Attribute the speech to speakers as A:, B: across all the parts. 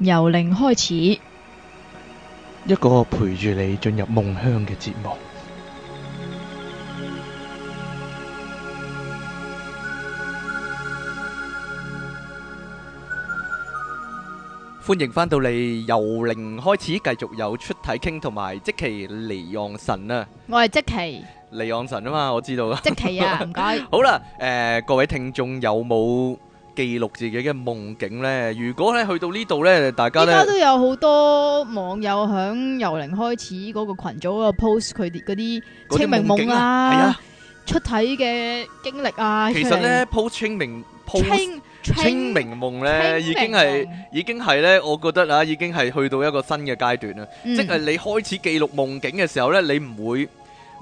A: 由零開始，
B: 一個陪住你進入夢鄉嘅節目。歡迎翻到嚟，由零開始繼續有出體傾同埋即期黎昂神啊！
A: 我係即期
B: 黎昂神啊嘛，我知道啊。即期啊，唔該。好啦，誒，各位聽眾有冇？記錄自己嘅夢境咧，如果咧去到呢度咧，大家咧，依家都
A: 有好多網友響由零開始嗰個群組嗰度 post 佢哋嗰啲清明夢啊，夢出體嘅經歷啊。其實咧
B: post 清明 post 清明夢咧，已經係已經係咧，我覺得啊，已經係去到一個新嘅階段啦。嗯、即係你開始記錄夢境嘅時候咧，你唔會。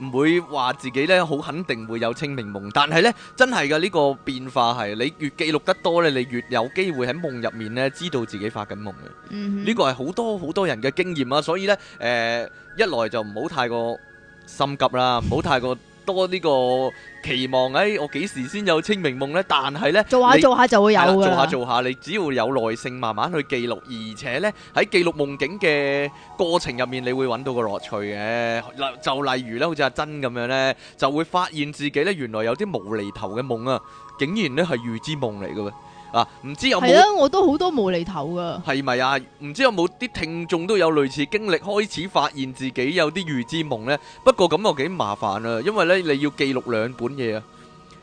B: 唔會話自己呢好肯定會有清明夢，但係呢真係嘅呢個變化係你越記錄得多呢，你越有機會喺夢入面呢知道自己發緊夢嘅。呢個係好多好多人嘅經驗啊，所以呢誒、呃、一來就唔好太過心急啦，唔好太過。 多呢個期望，哎，我幾時先有清明夢呢？但係呢做下做下就會有嘅。做下做下，你只要有耐性，慢慢去記錄，而且呢喺記錄夢境嘅過程入面，你會揾到個樂趣嘅。就例如呢，好似阿珍咁樣呢，就會發現自己呢原來有啲無厘頭嘅夢啊，竟然呢係預知夢嚟嘅。嗱，唔知有冇係啊？
A: 我都好多無厘頭噶，
B: 係咪啊？唔知有冇啲聽眾都有類似經歷，開始發現自己有啲預知夢咧？不過咁又幾麻煩啊，因為咧你要記錄兩本嘢啊，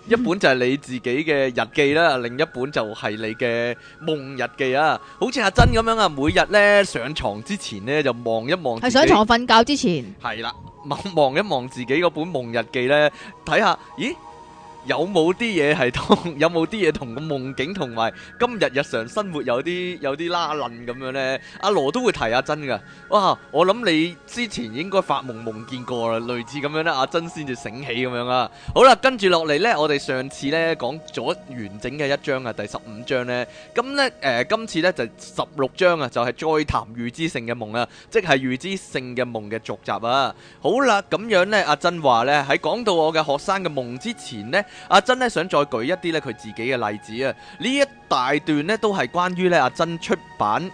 B: 一本就係你自己嘅日記啦，另一本就係你嘅夢日記啊。好似阿珍咁樣啊，每日咧上床之前咧就望一望，係上床
A: 瞓覺之前，
B: 係啦，望一望自己嗰本夢日記咧，睇下咦。有冇啲嘢係同有冇啲嘢同個夢境同埋今日日常生活有啲有啲拉楞咁樣呢？阿羅都會提阿珍噶。哇！我諗你之前應該發夢夢見過啦，類似咁樣咧，阿珍先至醒起咁樣啦。好啦，跟住落嚟呢，我哋上次呢講咗完整嘅一章啊，第十五章呢。咁呢，誒、呃，今次呢就十六章啊，就係再談預知性嘅夢啊，即係預知性嘅夢嘅續集啊。好啦，咁樣呢，阿珍話呢，喺講到我嘅學生嘅夢之前呢。阿珍咧想再舉一啲咧佢自己嘅例子啊，呢一大段咧都係關於咧阿珍出版。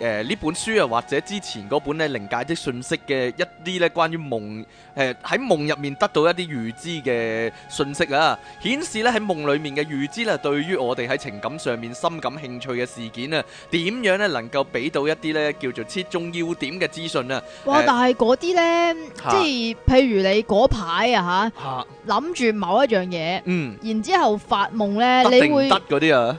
B: 誒，呢、呃、本書啊，或者之前嗰本咧，靈界的訊息嘅一啲咧，關於夢，誒喺夢入面得到一啲預知嘅訊息啊，顯示咧喺夢裏面嘅預知啦，對於我哋喺情感上面深感興趣嘅事件啊，點樣咧能夠俾到一啲咧叫做切中要點嘅資訊啊？呃、哇！但係
A: 嗰啲咧，啊、即係譬如你嗰排啊吓，諗、啊、住某一樣嘢，嗯，然之後發夢咧，得、你會得嗰啲
B: 啊？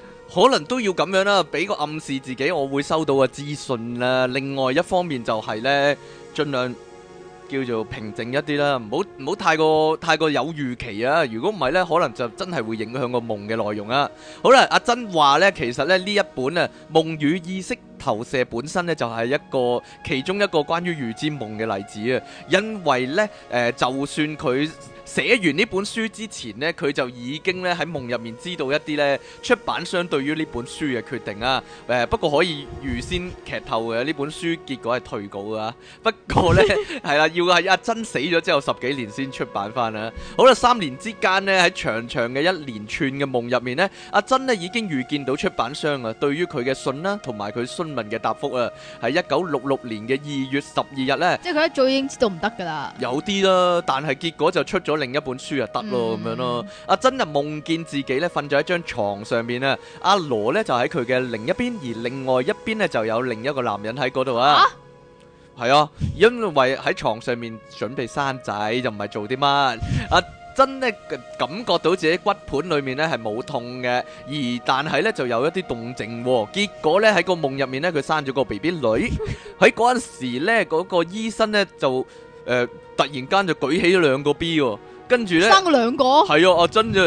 B: 可能都要咁樣啦，俾個暗示自己我會收到個資訊啦。另外一方面就係呢，盡量叫做平靜一啲啦，唔好唔好太過太過有預期啊。如果唔係呢，可能就真係會影響個夢嘅內容啊。好啦，阿珍話呢，其實呢，呢一本啊《夢與意識投射》本身呢，就係、是、一個，其中一個關於預知夢嘅例子啊，因為呢，誒、呃，就算佢。寫完呢本書之前呢，佢就已經咧喺夢入面知道一啲咧出版商對於呢本書嘅決定啊。誒、呃，不過可以預先劇透嘅，呢本書結果係退稿噶。不過呢，係啦， 要係阿珍死咗之後十幾年先出版翻啊。好啦，三年之間呢，喺長長嘅一連串嘅夢入面呢，阿珍咧已經預見到出版商啊對於佢嘅信啦，同埋佢詢問嘅答覆啊，喺一九六六年嘅二月十二日呢，
A: 即係佢一早已經知道唔得噶啦。
B: 有啲啦，但係結果就出咗。另一本書就得咯，咁樣咯。阿珍啊夢見自己咧瞓咗一張床上面啦，阿羅咧就喺佢嘅另一邊，而另外一邊咧就有另一個男人喺嗰度啊。係啊，因為喺床上面準備生仔就唔係做啲乜。阿珍咧感覺到自己骨盆裏面咧係冇痛嘅，而但係咧就有一啲動靜。結果咧喺個夢入面咧佢生咗個 BB 女。喺嗰陣時咧嗰個醫生咧就誒突然間就舉起咗兩個 B，跟住咧，生咗兩個，係啊，阿珍就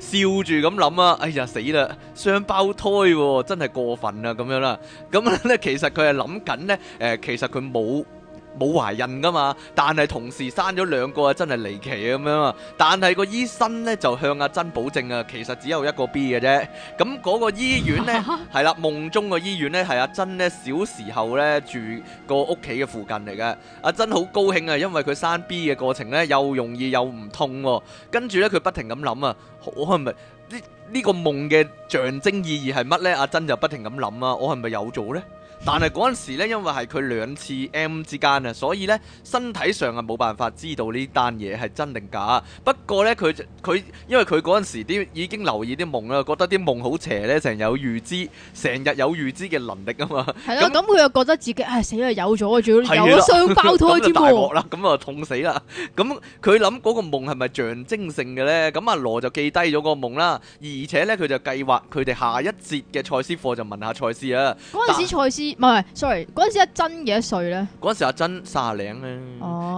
B: 笑住咁諗啊，哎呀死啦，雙胞胎喎、啊，真係過分啊！咁樣啦，咁咧其實佢係諗緊咧，誒，其實佢冇。呃冇懷孕㗎嘛？但係同時生咗兩個啊，真係離奇咁樣啊！但係個醫生咧就向阿珍保證啊，其實只有一個 B 嘅啫。咁嗰個醫院咧，係 啦，夢中個醫院咧，係阿珍咧小時候咧住個屋企嘅附近嚟嘅。阿珍好高興啊，因為佢生 B 嘅過程咧又容易又唔痛喎、啊。跟住咧佢不停咁諗啊，我係咪呢呢個夢嘅象徵意義係乜咧？阿珍就不停咁諗啊，我係咪有做咧？但係嗰陣時咧，因為係佢兩次 M 之間啊，所以咧身體上啊冇辦法知道呢單嘢係真定假。不過咧，佢佢因為佢嗰陣時啲已經留意啲夢啦，覺得啲夢好邪咧，成日有預知，成日有預知嘅能力啊嘛。係啦了，
A: 咁佢又覺得自己唉、哎、死啦有咗啊，仲要有雙胞胎添喎。咁對了 就大鑊
B: 啦，咁啊痛死啦。咁佢諗嗰個夢係咪象徵性嘅咧？咁、嗯、阿羅就記低咗個夢啦，而且咧佢就計劃佢哋下一節嘅賽斯課就問下賽斯啊。嗰陣時賽
A: 斯。唔係，sorry，嗰陣時阿珍幾多歲呢？嗰
B: 陣時阿珍卅零咧，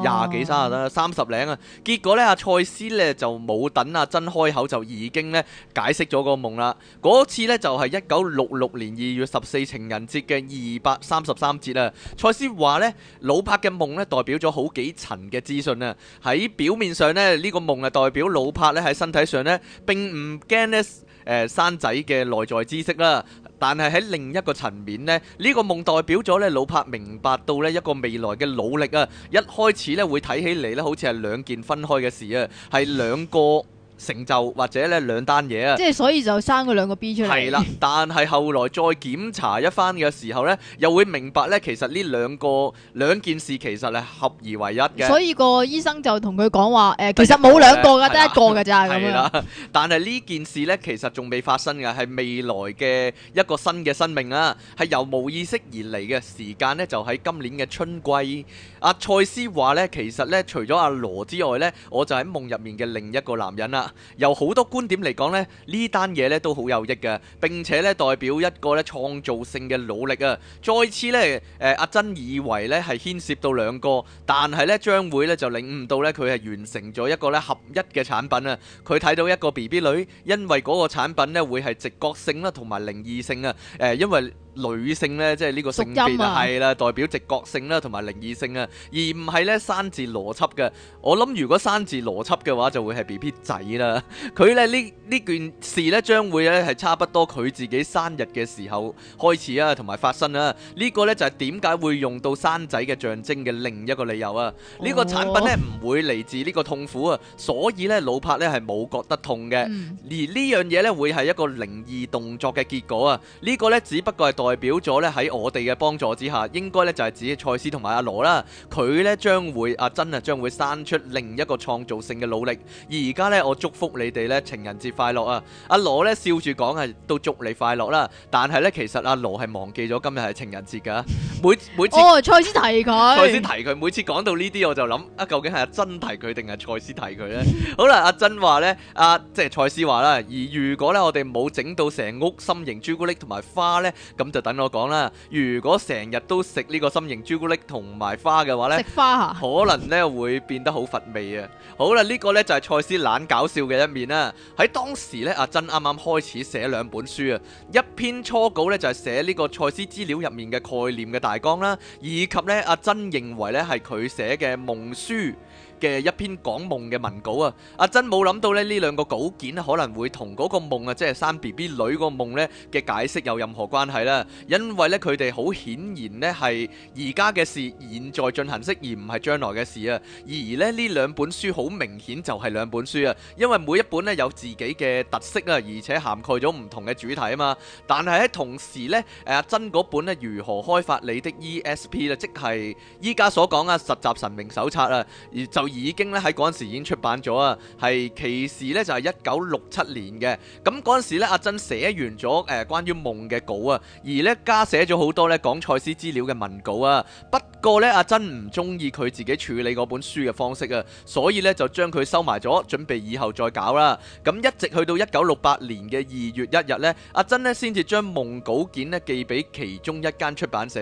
B: 廿幾卅啦，三十零啊。結果呢，阿蔡司呢就冇等阿珍開口，就已經咧解釋咗個夢啦。嗰次呢，就係一九六六年二月十四情人節嘅二百三十三節啦。蔡司話呢，老柏嘅夢咧代表咗好幾層嘅資訊啦。喺表面上呢，呢、這個夢係代表老柏咧喺身體上咧，並唔驚呢誒生仔嘅內在知識啦。但係喺另一個層面呢，呢、這個夢代表咗老柏明白到咧一個未來嘅努力啊，一開始咧會睇起嚟咧，好似係兩件分開嘅事啊，係兩個。成就或者咧兩單嘢啊，即係
A: 所以就生咗兩個 B 出嚟。係啦，
B: 但係後來再檢查一番嘅時候咧，又會明白咧，其實呢兩個兩件事其實係合而為一嘅。所以
A: 個醫生就同佢講話誒，呃、其實冇兩個噶，得、啊、一個噶咋。啊、
B: 樣但係呢件事呢，其實仲未發生嘅，係未來嘅一個新嘅生命啊，係由無意識而嚟嘅時間呢。就喺今年嘅春季。阿賽斯話呢，其實呢，除咗阿羅之外呢，我就喺夢入面嘅另一個，人另一個人男人啦。由好多觀點嚟講咧，呢單嘢咧都好有益㗎，並且咧代表一個咧創造性嘅努力啊！再次咧，誒、呃，阿珍以為咧係牽涉到兩個，但係咧將會咧就領悟到咧佢係完成咗一個咧合一嘅產品啊！佢睇到一個 B B 女因，呃，因為嗰個產品咧會係直覺性啦，同埋靈異性啊，誒，因為。女性呢，即係呢個性別係啦，代表直覺性啦，同埋靈異性啊，而唔係咧生字邏輯嘅。我諗如果生字邏輯嘅話就會係 BB 仔啦。佢咧呢呢件事咧，將會咧係差不多佢自己生日嘅時候開始啊，同埋發生啊。這個、呢個咧就係點解會用到生仔嘅象徵嘅另一個理由啊。呢、這個產品咧唔、oh. 會嚟自呢個痛苦啊，所以咧老帕咧係冇覺得痛嘅，而呢樣嘢咧會係一個靈異動作嘅結果啊。這個、呢個咧只不過係。代表咗咧喺我哋嘅幫助之下，應該咧就係指蔡思同埋阿羅啦。佢咧將會阿珍啊將會生出另一個創造性嘅努力。而而家咧我祝福你哋咧情人節快樂啊！阿羅咧笑住講係都祝你快樂啦。但係咧其實阿羅係忘記咗今日係情人節噶。每每次哦蔡思提
A: 佢，蔡思提
B: 佢，每次講到呢啲我就諗啊，究竟係阿珍提佢定係蔡思提佢咧？好啦，阿珍話咧，阿即係蔡思話啦。而如果咧我哋冇整到成屋心形朱古力同埋花咧，咁。就等我講啦，如果成日都食呢個心形朱古力同埋花嘅話呢食花、啊、可能咧會變得好乏味啊！好啦，呢、呢個呢就係賽斯懶搞笑嘅一面啦。喺當時呢，阿珍啱啱開始寫兩本書啊，一篇初稿呢就係寫呢個賽斯資料入面嘅概念嘅大綱啦，以及呢阿珍認為呢係佢寫嘅夢書。嘅一篇講夢嘅文稿啊，阿珍冇諗到咧呢兩個稿件可能會同嗰個夢啊，即係生 BB 女個夢呢嘅解釋有任何關係啦。因為呢，佢哋好顯然呢係而家嘅事，現在進行式而唔係將來嘅事啊。而咧呢兩本書好明顯就係兩本書啊，因為每一本呢有自己嘅特色啊，而且涵蓋咗唔同嘅主題啊嘛。但係喺同時呢，誒阿珍嗰本呢如何開發你的 E S P 啦，即係依家所講嘅實習神明手冊啊，而就。已經咧喺嗰陣時已經出版咗啊，係其時咧就係一九六七年嘅。咁嗰陣時咧阿珍寫完咗誒關於夢嘅稿啊，而呢加寫咗好多咧講賽斯資料嘅文稿啊，不過咧阿珍唔中意佢自己處理嗰本書嘅方式啊，所以咧就將佢收埋咗，準備以後再搞啦。咁一直去到一九六八年嘅二月一日咧，阿珍呢先至將夢稿件呢寄俾其中一間出版社。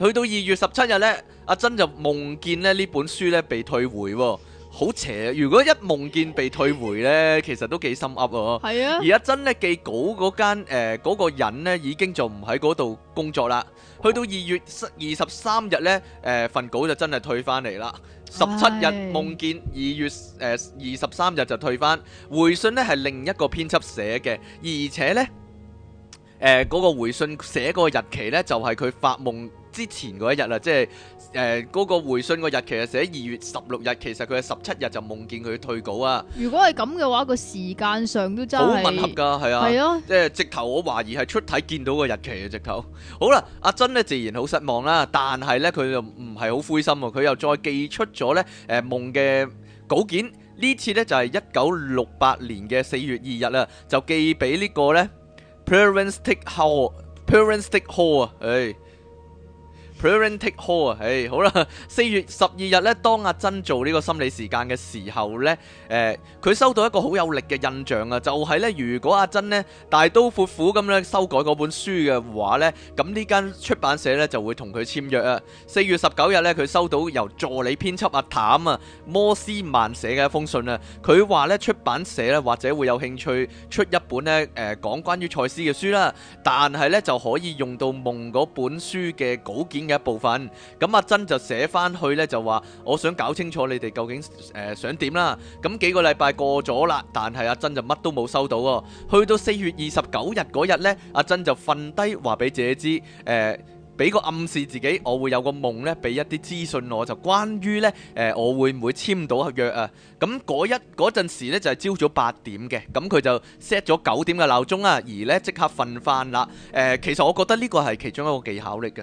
B: 去到二月十七日咧，阿珍就夢見咧呢本書咧被退回。好邪！如果一夢見被退回咧，其實都幾心噏哦。係啊，而家真咧寄稿嗰間誒，嗰個人咧已經就唔喺嗰度工作啦。去到二月二十三日咧，誒份稿就真係退翻嚟啦。十七日夢見二月誒二十三日就退翻回信咧，係另一個編輯寫嘅，而且咧誒嗰個回信寫嗰個日期咧，就係佢發夢。之前嗰一日啦，即係誒嗰個回信個日期係寫二月十六日，其實佢係十七日就夢見佢退稿啊。
A: 如果係咁嘅話，個時間上都真係好吻合噶，
B: 係啊，係啊，即係直頭我懷疑係出體見到個日期啊。直頭好啦，阿珍呢自然好失望啦，但係咧佢就唔係好灰心，佢又再寄出咗咧誒夢嘅稿件次，呢次咧就係一九六八年嘅四月二日啦，就寄俾呢個咧 Prentice Hall Prentice Hall 啊，誒、哎。Prentice Hall 啊，唉，好啦，四月十二日咧，當阿珍做呢個心理時間嘅時候咧。誒佢、欸、收到一個好有力嘅印象啊，就係、是、咧，如果阿珍呢，大刀闊斧咁咧修改嗰本書嘅話咧，咁呢間出版社咧就會同佢簽約啊。四月十九日咧，佢收到由助理編輯阿譚啊摩斯曼寫嘅一封信啊。佢話咧出版社咧或者會有興趣出一本咧誒、呃、講關於賽斯嘅書啦，但係咧就可以用到夢嗰本書嘅稿件嘅一部分。咁、嗯、阿、啊、珍就寫翻去咧就話：我想搞清楚你哋究竟誒、呃、想點啦。咁、嗯幾個禮拜過咗啦，但係阿珍就乜都冇收到。去到四月二十九日嗰日咧，阿珍就瞓低話俾自己知，誒，俾個暗示自己，我會有個夢咧，俾一啲資訊我，就關於咧，誒，我會唔會簽到合約啊？咁嗰一嗰陣時咧就係朝早八點嘅，咁佢就 set 咗九點嘅鬧鐘啊，而咧即刻瞓翻啦。誒，其實我覺得呢個係其中一個技巧嚟嘅，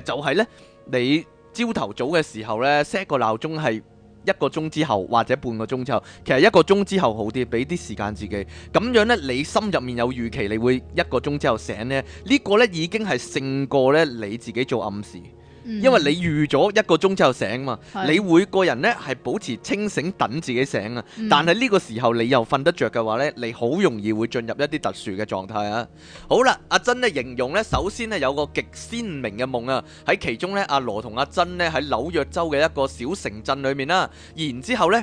B: 誒，就係咧，你朝頭早嘅時候咧 set 個鬧鐘係。一個鐘之後或者半個鐘之後，其實一個鐘之後好啲，俾啲時間自己。咁樣呢，你心入面有預期，你會一個鐘之後醒咧，呢、呢個呢，已經係勝過咧你自己做暗示。因為你預咗一個鐘之後醒嘛，的嗯、你會個人呢係保持清醒等自己醒啊。但係呢個時候你又瞓得着嘅話呢，你好容易會進入一啲特殊嘅狀態啊。好啦，阿珍呢形容呢，首先呢有個極鮮明嘅夢啊，喺其中呢，阿羅同阿珍呢喺紐約州嘅一個小城鎮裏面啦，啊，然之後呢。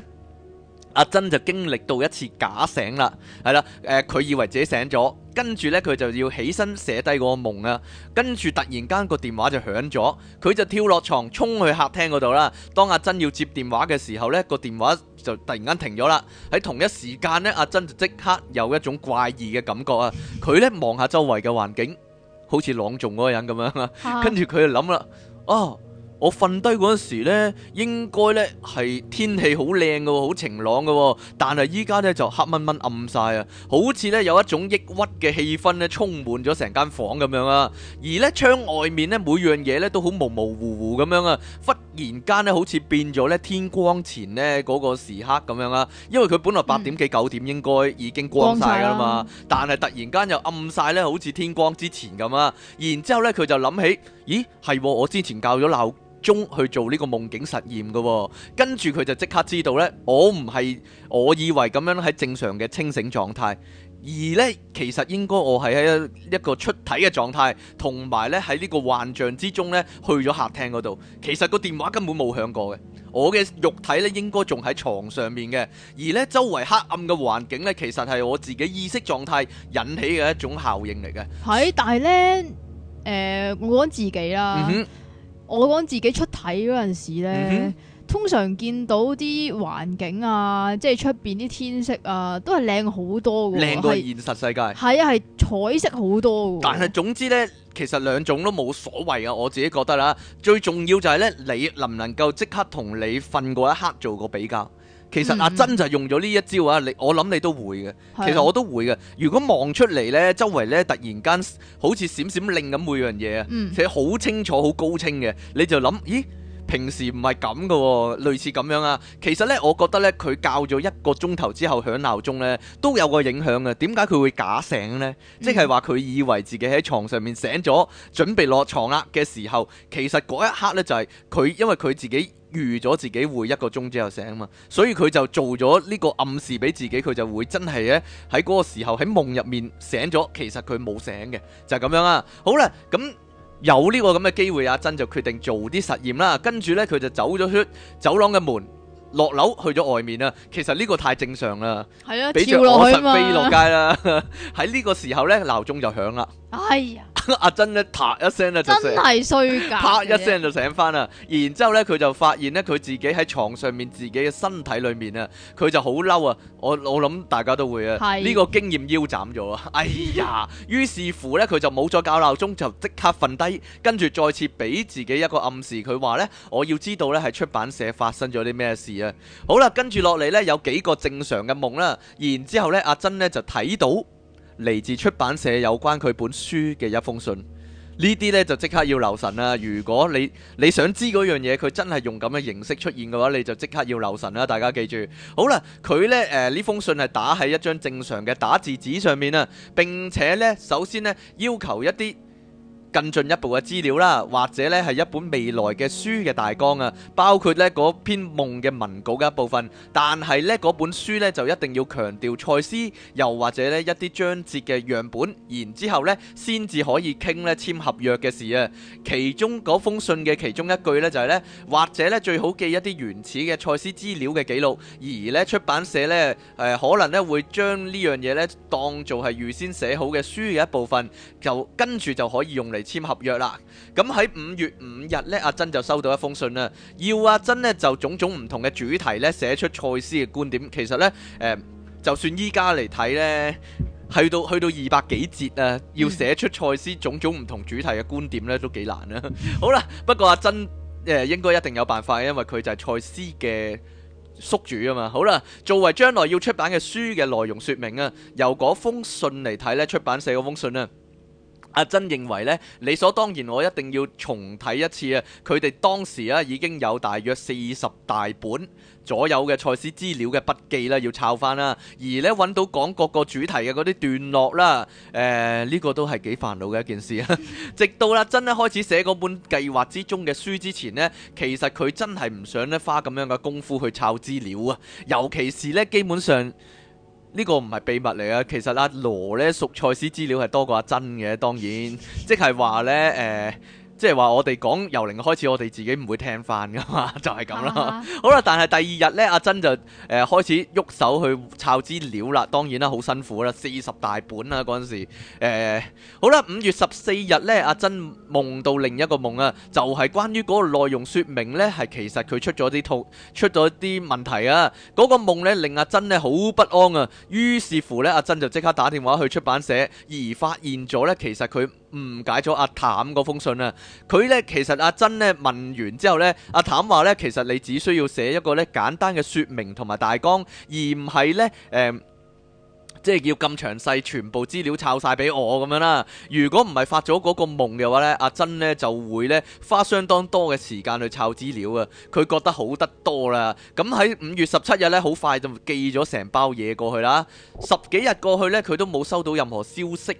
B: 阿珍就經歷到一次假醒啦，係啦，誒、呃、佢以為自己醒咗，跟住呢，佢就要起身寫低嗰個夢啊，跟住突然間個電話就響咗，佢就跳落床，衝去客廳嗰度啦。當阿珍要接電話嘅時候呢，個電話就突然間停咗啦。喺同一時間呢，阿珍就即刻有一種怪異嘅感覺啊！佢呢望下周圍嘅環境，好似朗仲嗰個人咁樣，跟住佢就諗啦，哦。我瞓低嗰時呢，應該呢係天氣好靚嘅，好晴朗嘅。但係依家呢，就黑掹掹暗晒啊，好似呢有一種抑鬱嘅氣氛呢，充滿咗成間房咁樣啦。而呢窗外面呢，每樣嘢呢都好模模糊糊咁樣啊。忽然間呢，好似變咗呢天光前呢嗰個時刻咁樣啦，因為佢本來八點幾九點應該已經光晒㗎啦嘛，嗯、光光但係突然間又暗晒呢，好似天光之前咁啊。然之後呢，佢就諗起，咦係、啊、我之前教咗鬧中去做呢個夢境實驗嘅。哦，跟住佢就即刻知道呢，我唔係我以為咁樣喺正常嘅清醒狀態，而呢，其實應該我係喺一個出體嘅狀態，同埋呢喺呢個幻象之中呢，去咗客廳嗰度，其實個電話根本冇響過嘅，我嘅肉體呢，應該仲喺床上面嘅，而呢，周圍黑暗嘅環境呢，其實係我自己意識狀態引起嘅一種效應嚟嘅，
A: 係但係呢，呃、我自己啦。嗯我講自己出體嗰陣時咧，嗯、哼通常見到啲環境啊，即係出面啲天色啊，都係靚好多嘅。靚過
B: 現實世界，係
A: 啊，係彩色好多嘅。但係
B: 總之咧，其實兩種都冇所謂啊。我自己覺得啦。最重要就係咧，你能唔能夠即刻同你瞓過一刻做個比較？其實阿珍就係用咗呢一招啊！你、嗯、我諗你都會嘅，其實我都會嘅。如果望出嚟咧，周圍咧，突然間好似閃閃令咁每樣嘢啊，寫好、嗯、清楚、好高清嘅，你就諗咦？平時唔係咁嘅，類似咁樣啊。其實呢，我覺得呢，佢校咗一個鐘頭之後響鬧鐘呢，都有個影響嘅。點解佢會假醒呢？即係話佢以為自己喺床上面醒咗，準備落床啦嘅時候，其實嗰一刻呢，就係佢，因為佢自己預咗自己會一個鐘之後醒嘛，所以佢就做咗呢個暗示俾自己，佢就會真係呢，喺嗰個時候喺夢入面醒咗，其實佢冇醒嘅，就係咁樣啊。好啦，咁。有呢個咁嘅機會，阿珍就決定做啲實驗啦。跟住呢，佢就走咗出走廊嘅門。落樓去咗外面啦，其實呢個太正常啦，係咯的，罵跳落下去 飛落街啦。喺呢 個時候呢，鬧鐘就響啦。哎呀， 阿珍呢，啪一聲咧就真係
A: 衰，啪一聲就
B: 醒翻啦。的然之後咧，佢就發現呢，佢自己喺床上面，自己嘅身體裏面啊，佢就好嬲啊。我我諗大家都會啊，呢的個經驗腰斬咗啊。哎呀，於 是乎呢，佢就冇再搞鬧鐘，就即刻瞓低，跟住再次俾自己一個暗示，佢話呢：「我要知道呢，係出版社發生咗啲咩事。.好啦，跟住落嚟呢，有幾個正常嘅夢啦，然之後咧，阿珍呢就睇到嚟自出版社有關佢本書嘅一封信。呢啲呢，就即刻要留神啦。如果你你想知嗰樣嘢，佢真係用咁嘅形式出現嘅話，你就即刻要留神啦。大家記住，好啦，佢咧誒、呃、呢封信係打喺一張正常嘅打字紙上面啊，並且呢，首先呢，要求一啲。更進一步嘅資料啦，或者咧係一本未來嘅書嘅大綱啊，包括咧嗰篇夢嘅文稿嘅一部分。但係咧嗰本書咧就一定要強調賽斯，又或者咧一啲章節嘅樣本，然之後咧先至可以傾咧簽合約嘅事啊。其中嗰封信嘅其中一句咧就係咧，或者咧最好記一啲原始嘅賽斯資料嘅記錄，而咧出版社咧誒可能咧會將呢樣嘢咧當做係預先寫好嘅書嘅一部分，就跟住就可以用嚟簽合約啦，咁喺五月五日呢，阿珍就收到一封信啦，要阿珍呢，就種種唔同嘅主題呢，寫出賽斯嘅觀點。其實呢，誒、呃，就算依家嚟睇呢，去到去到二百幾節啊，要寫出賽斯種種唔同主題嘅觀點呢，都幾難啦、啊。 好啦，不過阿珍誒、呃，應該一定有辦法，因為佢就係賽斯嘅宿主啊嘛。好啦，作為將來要出版嘅書嘅內容說明啊，由嗰封信嚟睇呢，出版社嗰封信啊。阿珍、啊、認為咧，理所當然，我一定要重睇一次啊！佢哋當時啊，已經有大約四十大本左右嘅賽事資料嘅筆記啦，要抄翻啦。而咧揾到講各個主題嘅嗰啲段落啦、啊，誒、呃、呢、這個都係幾煩惱嘅一件事啊！直到啦、啊，真咧開始寫嗰本計劃之中嘅書之前呢，其實佢真係唔想咧花咁樣嘅功夫去抄資料啊，尤其是咧基本上。呢個唔係秘密嚟啊！其實阿、啊、羅咧熟賽斯資料係多過阿珍嘅，當然即係話呢。誒、呃。即係話我哋講由零開始，我哋自己唔會聽翻噶嘛，就係咁啦。好啦，但係第二日呢，阿珍就誒開始喐手去抄資料啦。當然啦，好辛苦啦，四十大本啊嗰陣時。誒，好啦，五月十四日呢，阿珍夢到另一個夢啊，就係關於嗰個內容説明呢，係其實佢出咗啲套出咗啲問題啊。嗰個夢呢令阿珍呢好不安啊。於是乎呢，阿珍就即刻打電話去出版社，而發現咗呢，其實佢。誤、嗯、解咗阿譚嗰封信啊！佢咧，其實阿珍咧問完之後咧，阿譚話咧，其實你只需要寫一個咧簡單嘅説明同埋大綱，而唔係咧誒。呃即係要咁詳細，全部資料抄晒俾我咁樣啦。如果唔係發咗嗰個夢嘅話呢，阿珍呢就會呢花相當多嘅時間去抄資料啊。佢覺得好得多啦。咁喺五月十七日呢，好快就寄咗成包嘢過去啦。十幾日過去呢，佢都冇收到任何消息。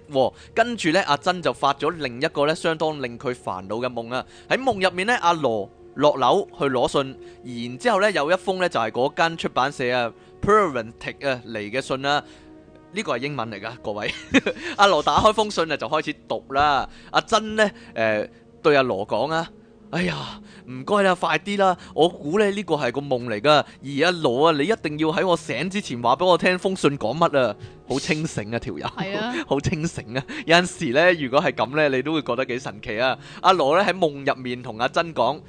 B: 跟住呢，阿珍就發咗另一個呢相當令佢煩惱嘅夢啊。喺夢入面呢，阿羅落樓去攞信，然之後呢，有一封呢就係嗰間出版社啊，Parentic 啊嚟嘅信啦。呢個係英文嚟噶，各位。 阿、啊、羅打開封信啊，就開始讀啦。阿珍呢，誒、呃、對阿羅講啊，哎呀，唔該啦，快啲啦。我估咧呢個係個夢嚟噶，而阿羅啊，你一定要喺我醒之前話俾我聽封信講乜啊。好清醒啊條友，係啊、 好清醒啊。有陣時呢，如果係咁呢，你都會覺得幾神奇啊。阿羅呢，喺夢入面同阿珍講。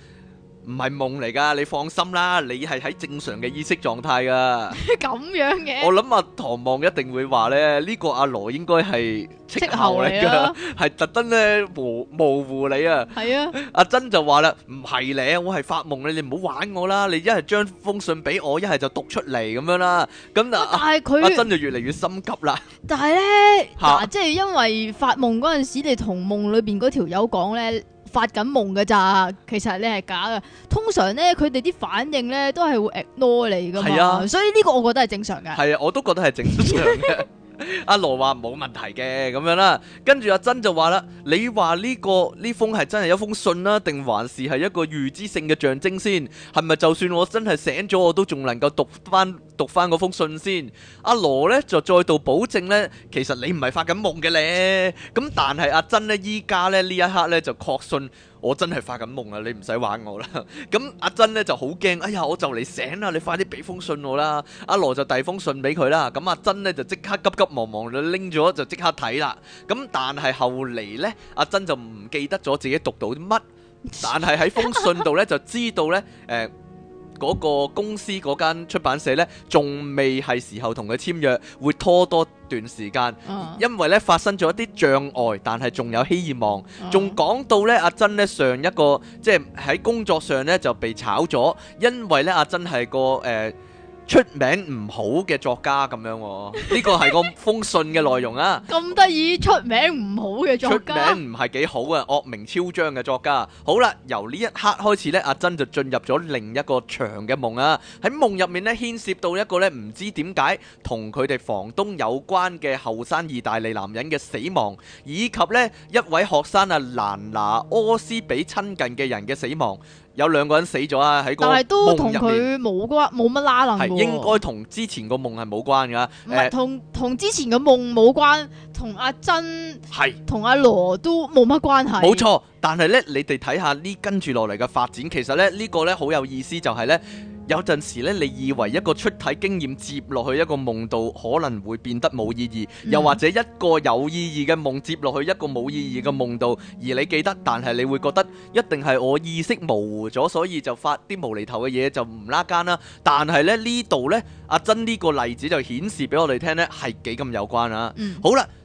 B: 唔係夢嚟噶，你放心啦，你係喺正常嘅意識狀態噶。
A: 咁樣嘅，我諗
B: 阿唐望一定會話咧，呢個阿羅應該係斥候嚟噶，係特登咧模模糊你啊。係啊，阿珍就話啦，唔係你啊，我係發夢你，你唔好玩我啦，你一係將封信俾我，一係就讀出嚟咁樣啦。咁啊，但係佢阿珍就越嚟越心急啦。
A: 但係咧，吓，即係因為發夢嗰陣時，你同夢裏邊嗰條友講咧。發緊夢嘅咋，其實你係假嘅。通常呢，佢哋啲反應呢都係會 ignore 你噶嘛是、啊嗯，所以呢個我覺得係正常嘅。係
B: 啊，我都覺得係正常嘅。阿羅話冇問題嘅咁樣啦，跟住阿珍就話啦，你話呢，這個呢封係真係一封信啦，啊，定還是係一個預知性嘅象徵先？係咪就算我真係醒咗，我都仲能夠讀翻？讀翻嗰封信先，阿羅咧就再度保證咧，其實你唔係發緊夢嘅咧。咁但係阿珍咧依家咧呢一刻咧就確信我真係發緊夢啊！你唔使玩我啦。咁阿珍咧就好驚，哎呀我就嚟醒啦！你快啲俾封信我啦！阿羅就遞封信俾佢啦。咁阿珍咧就即刻急急忙忙就拎咗就即刻睇啦。咁但係後嚟咧，阿珍就唔記得咗自己讀到啲乜，但係喺封信度咧就知道咧，誒。嗰個公司嗰間出版社呢，仲未係時候同佢簽約，會拖多段時間，因為呢發生咗一啲障礙，但係仲有希望。仲講到呢，阿珍呢上一個即係喺工作上呢就被炒咗，因為呢，阿珍係個誒。呃出名唔好嘅作家咁樣，啊，呢個係個封信嘅內容啊！
A: 咁得意，出名唔好嘅作家，出名
B: 唔係幾好啊，惡名昭彰嘅作家。好啦，由呢一刻開始呢，阿珍就進入咗另一個長嘅夢啊！喺夢入面呢，牽涉到一個呢唔知點解同佢哋房東有關嘅後生意大利男人嘅死亡，以及呢一位學生啊蘭拿柯斯比親近嘅人嘅死亡。有兩個人死咗啊！喺個夢入面，但係都同佢
A: 冇關，冇乜拉掕㗎。係應該
B: 同之前個夢係冇關㗎。唔係同
A: 同之前個夢冇關，同阿珍係同是阿羅都冇乜關係。冇錯，
B: 但係呢，你哋睇下呢跟住落嚟嘅發展，其實呢，呢、呢個呢，好有意思，就係呢。嗯。有陣時咧，你以為一個出體經驗接落去一個夢度，可能會變得冇意義；又或者一個有意義嘅夢接落去一個冇意義嘅夢度，而你記得，但係你會覺得一定係我意識模糊咗，所以就發啲無厘頭嘅嘢就唔啦閒啦。但係咧，呢度咧，阿珍呢個例子就顯示俾我哋聽呢係幾咁有關啦、啊。嗯、好啦。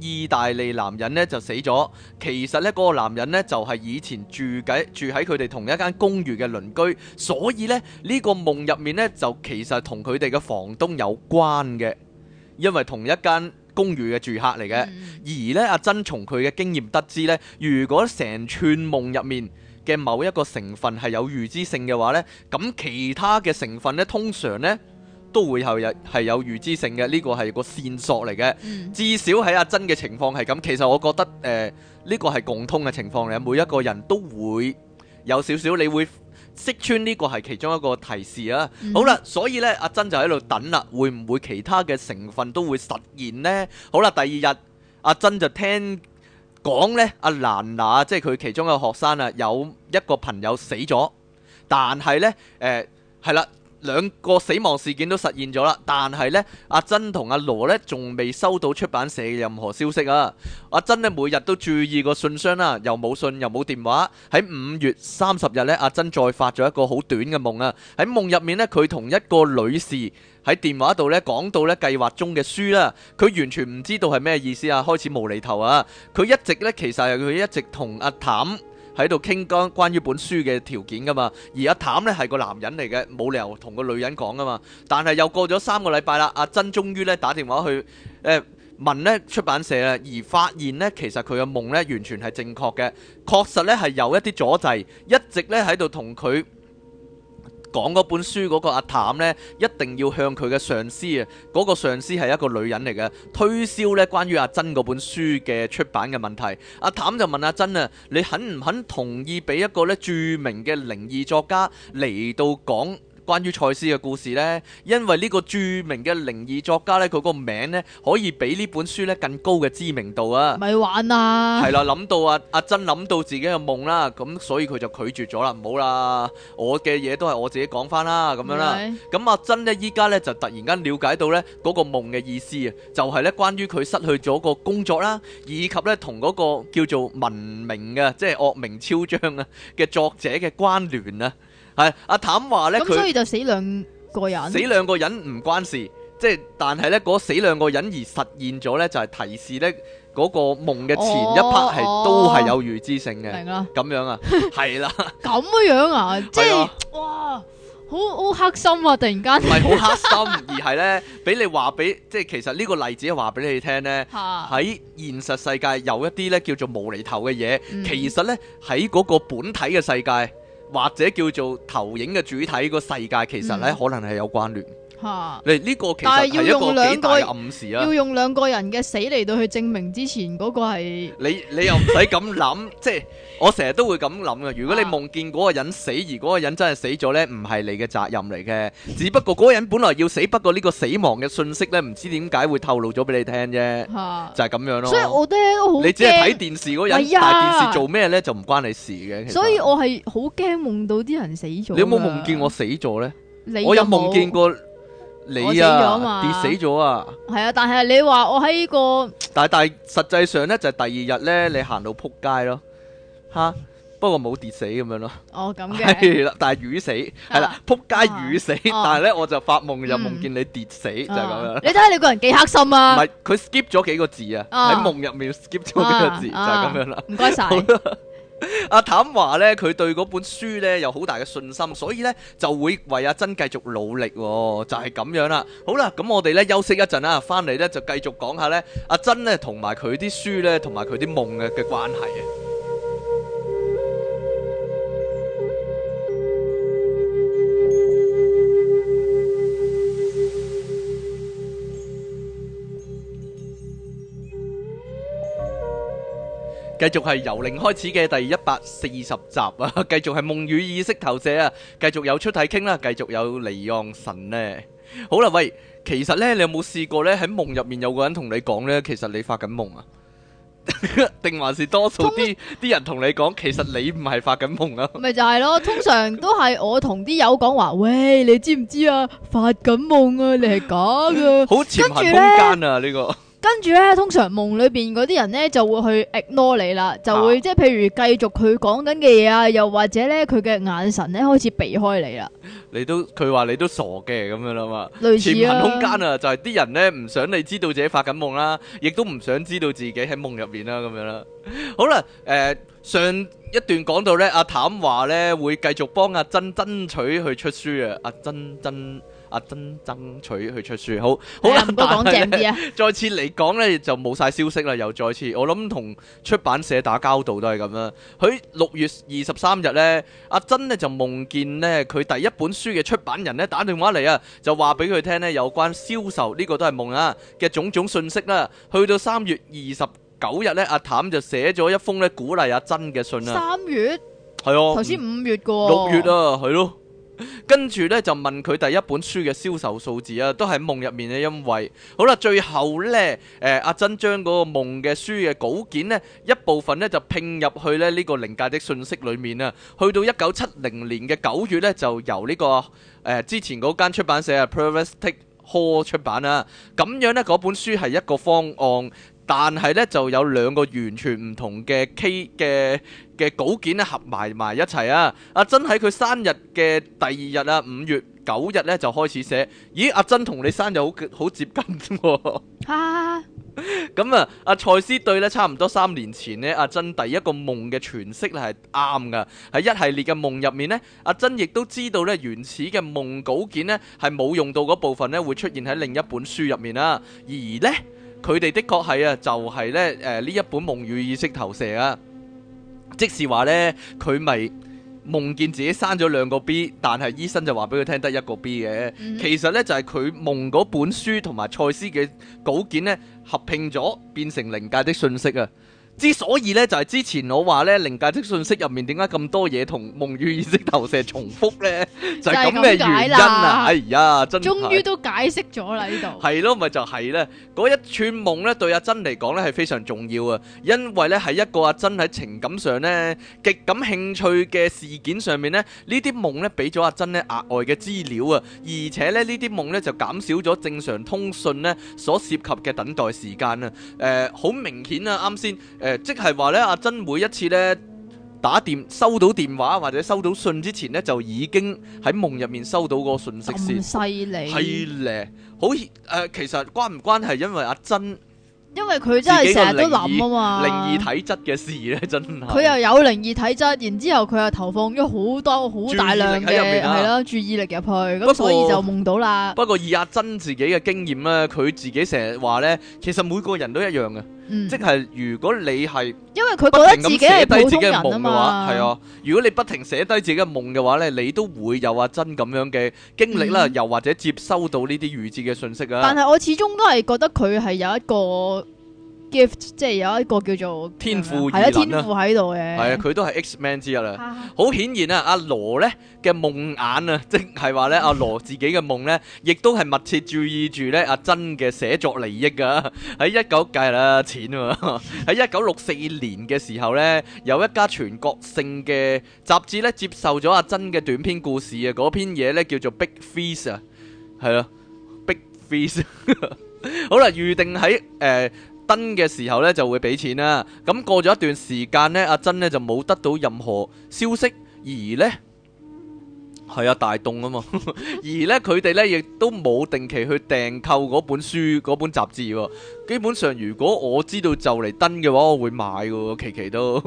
B: 意大利男人呢就死咗。其實呢呢個男人呢，就係以前住喺住喺佢哋同一間公寓嘅鄰居，所以呢，呢個夢入面呢，就其實同佢哋嘅房東有關嘅，因為同一間公寓嘅住客嚟嘅。而呢，阿珍從佢嘅經驗得知呢，如果成串夢入面嘅某一個成分係有預知性嘅話呢，咁其他嘅成分呢，通常呢，都會係有係有預知性嘅，呢個係個線索嚟嘅。至少喺阿珍嘅情況係咁。其實我覺得誒，呢個係共通嘅情況嚟嘅。每一個人都會有少少，你會識穿呢個係其中一個提示啊。嗯、好啦，所以呢，阿珍就喺度等啦。會唔會其他嘅成分都會實現呢？好啦，第二日阿珍就聽講呢，阿蘭娜即係佢其中一個學生啊，有一個朋友死咗，但係呢，誒、呃、係啦。兩個死亡事件都實現咗啦，但係呢，阿珍同阿羅呢，仲未收到出版社嘅任何消息啊！阿珍呢，每日都注意個信箱啦，又冇信又冇電話。喺五月三十日呢，阿珍再發咗一個好短嘅夢啊！喺夢入面呢，佢同一個女士喺電話度呢講到呢計劃中嘅書啦，佢完全唔知道係咩意思啊！開始無厘頭啊！佢一直呢，其實係佢一直同阿譚喺度傾講關於本書嘅條件㗎嘛，而阿譚呢係個男人嚟嘅，冇理由同個女人講㗎嘛。但係又過咗三個禮拜啦，阿珍終於呢打電話去誒、呃、問呢出版社咧，而發現呢其實佢嘅夢呢完全係正確嘅，確實呢係有一啲阻滯，一直呢喺度同佢。講嗰本書嗰個阿譚呢，一定要向佢嘅上司啊，嗰、那個上司係一個女人嚟嘅，推銷呢關於阿珍嗰本書嘅出版嘅問題。阿譚就問阿珍：「啊，你肯唔肯同意俾一個咧著名嘅靈異作家嚟到講？關於賽斯嘅故事咧，因為呢個著名嘅靈異作家咧，佢個名咧可以比呢本書咧更高嘅知名度啊！咪
A: 玩啦！係啦，諗
B: 到阿阿珍諗到自己嘅夢啦，咁所以佢就拒絕咗啦，唔好啦，我嘅嘢都係我自己講翻啦，咁樣啦。咁阿珍咧，依家咧就突然間了解到咧嗰個夢嘅意思啊，就係咧關於佢失去咗個工作啦，以及咧同嗰個叫做文明嘅，即係惡名昭彰啊嘅作者嘅關聯啊。係阿譚話咧，咁所以就
A: 死兩個人，死兩
B: 個人唔關事，即係但係咧，嗰死兩個人而實現咗咧，就係提示咧嗰個夢嘅前一 part 係都係有預知性嘅。明啦，咁樣啊，係啦，
A: 咁樣啊，即係哇，好好黑心啊！突然間唔係好黑
B: 心，而係咧俾你話俾，即係其實呢個例子話俾你聽咧，喺現實世界有一啲咧叫做無厘頭嘅嘢，其實咧喺嗰個本體嘅世界。或者叫做投影嘅主體個世界，其實咧可能係有關聯。吓，你呢個其實係一個幾大嘅暗示啊！要
A: 用兩個人嘅死嚟到去證明之前嗰個係
B: 你，你又唔使咁諗，即係我成日都會咁諗嘅。如果你夢見嗰個人死，而嗰個人真係死咗咧，唔係你嘅責任嚟嘅。只不過嗰個人本來要死，不過呢個死亡嘅信息咧，唔知點解會透露咗俾你聽啫，就係咁樣咯。所以我都
A: 好驚，你只係睇電
B: 視，嗰人睇電視做咩咧，就唔關你事嘅。所以
A: 我係好驚夢到啲人死咗。你有冇夢見
B: 我死咗咧？
A: 我有夢見過。
B: 你啊跌死咗啊！
A: 係啊，但係你話我喺呢個，
B: 但係但係實際上咧就係第二日咧你行到扑街咯吓，不過冇跌死咁樣咯。哦
A: 咁嘅係啦，
B: 但係魚死係啦，扑街魚死，但係咧我就發夢又夢見你跌死就係咁樣啦。你睇
A: 下你個人幾黑心啊！唔
B: 係佢 skip 咗幾個字啊，喺夢入面 skip 咗幾個字就係咁樣啦。唔該晒。阿淡話咧，佢、啊、對嗰本書咧有好大嘅信心，所以咧就會為阿珍繼續努力，哦，就係、是、咁樣啦。好啦，咁我哋咧休息一陣啦，翻嚟咧就繼續講下咧阿珍咧同埋佢啲書咧同埋佢啲夢嘅嘅關係啊。繼續係由零開始嘅第一百四十集啊！繼續係夢與意識投射啊！繼續有出體傾啦，繼續有離岸神咧。好啦，喂，其實咧，你有冇試過咧？喺夢入面有個人同你講咧，其實你發緊夢啊？定還是多數啲啲人同你講，其實你唔係發緊夢啊？咪
A: 就係咯，通常都係我同啲友講話，喂，你知唔知啊？發緊夢啊，你係假嘅，好潛行空間啊呢個。跟住呢，通常夢裏邊嗰啲人呢就會去 ignore 你啦，就會即係、啊、譬如繼續佢講緊嘅嘢啊，又或者呢，佢嘅眼神呢開始避開你啦。
B: 你都佢話你都傻嘅咁樣啦嘛，類似、啊、潛行空間啊，就係、是、啲人呢，唔想你知道自己發緊夢啦，亦都唔想知道自己喺夢入面啦，咁樣啦。 好啦，誒、呃、上一段講到呢，阿譚話呢會繼續幫阿珍爭取去出書啊，阿珍，珍。珍。阿珍爭取去出書，好好，講正啲啊！再次嚟講呢，就冇晒消息啦。又再次，我諗同出版社打交道都係咁啦。佢六月二十三日呢，阿珍呢就夢見呢佢第一本書嘅出版人呢打電話嚟啊，就話俾佢聽呢有關銷售呢、這個都係夢啊嘅種種信息啦。去到三月二十九日呢，阿譚就寫咗一封呢鼓勵阿珍嘅信啦。三月係啊，頭先
A: 五月個哦、六月啊，
B: 係咯。跟住呢，就問佢第一本書嘅銷售數字啊，都喺夢入面啊，因為好啦，最後呢，誒、呃、阿珍將嗰個夢嘅書嘅稿件呢，一部分呢，就拼入去咧呢個靈界的信息裏面啊，去到一九七零年嘅九月呢，就由呢、這個誒、呃、之前嗰間出版社啊，Prentice-Hall 出版啦，咁樣呢，嗰本書係一個方案。但係咧，就有兩個完全唔同嘅 K 嘅嘅稿件咧合埋埋一齊啊！阿珍喺佢生日嘅第二日啊，五月九日咧就開始寫。咦？阿珍同你生日好好接近喎。咁啊，阿賽斯對咧差唔多三年前呢，阿珍第一個夢嘅詮釋咧係啱㗎。喺一系列嘅夢入面呢，阿珍亦都知道呢原始嘅夢稿件呢，係冇用到嗰部分呢，會出現喺另一本書入面啦、啊。而呢。佢哋的確係啊，就係咧，誒呢一本夢與意識投射啊，即是話呢，佢咪夢見自己生咗兩個 B，但係醫生就話俾佢聽得一個 B 嘅，其實呢，就係佢夢嗰本書同埋賽斯嘅稿件呢，合併咗，變成靈界的信息啊！之所以咧，就係之前我話咧，靈界的訊息入面點解咁多嘢同夢與意識投射重複呢？ 就係咁嘅原因啊！係啊，終於都
A: 解釋咗啦呢度，
B: 係咯， 咪就係咧嗰一串夢咧，對阿珍嚟講咧係非常重要啊，因為咧係一個阿珍喺情感上咧極感興趣嘅事件上面呢，呢啲夢咧俾咗阿珍咧額外嘅資料啊，而且咧呢啲夢咧就減少咗正常通訊咧所涉及嘅等待時間，呃、啊，誒，好明顯啊，啱先。誒、呃，即係話咧，阿珍每一次咧打電、收到電話或者收到信之前咧，就已經喺夢入面收到個訊息先。咁犀利係咧，好誒、呃，其實關唔關係？因為阿珍，
A: 因為佢真係成日都諗啊嘛，靈異
B: 體質嘅事咧，真係佢又
A: 有靈異體質，然之後佢又投放咗好多好大量嘅係咯，注意力入去，咁、啊、所以就夢到啦。
B: 不過以阿珍自己嘅經驗咧，佢自己成日話咧，其實每個人都一樣嘅。嗯、即係如果你係，因為佢覺得自己係普通人啊嘛，係啊。如果你不停寫低自己嘅夢嘅話咧，你都會有阿珍咁樣嘅經歷啦，嗯、又或者接收到呢啲預知嘅信息啊。但
A: 係我始終都係覺得佢係有一個。gift 即係有一個叫做天賦，係咯對天賦喺度嘅。係啊，佢
B: 都係 X Man 之一啦。好 顯然啊，阿羅咧嘅夢眼啊，即係話咧，阿羅自己嘅夢咧，亦都係密切注意住咧，阿珍嘅寫作利益噶喺一九計啦、哎、錢喎，喺一九六四年嘅時候咧，有一家全國性嘅雜誌咧接受咗阿珍嘅短篇故事啊。嗰篇嘢咧叫做 Big Face，《Big Face》啊，係咯，《Big Face》好啦，預定喺誒。呃登嘅時候呢就會俾錢啦，咁過咗一段時間呢，阿珍呢就冇得到任何消息，而呢，係啊大洞啊嘛， 而呢，佢哋呢亦都冇定期去訂購嗰本書嗰本雜誌喎。基本上，如果我知道就嚟登嘅話，我會買嘅。期期都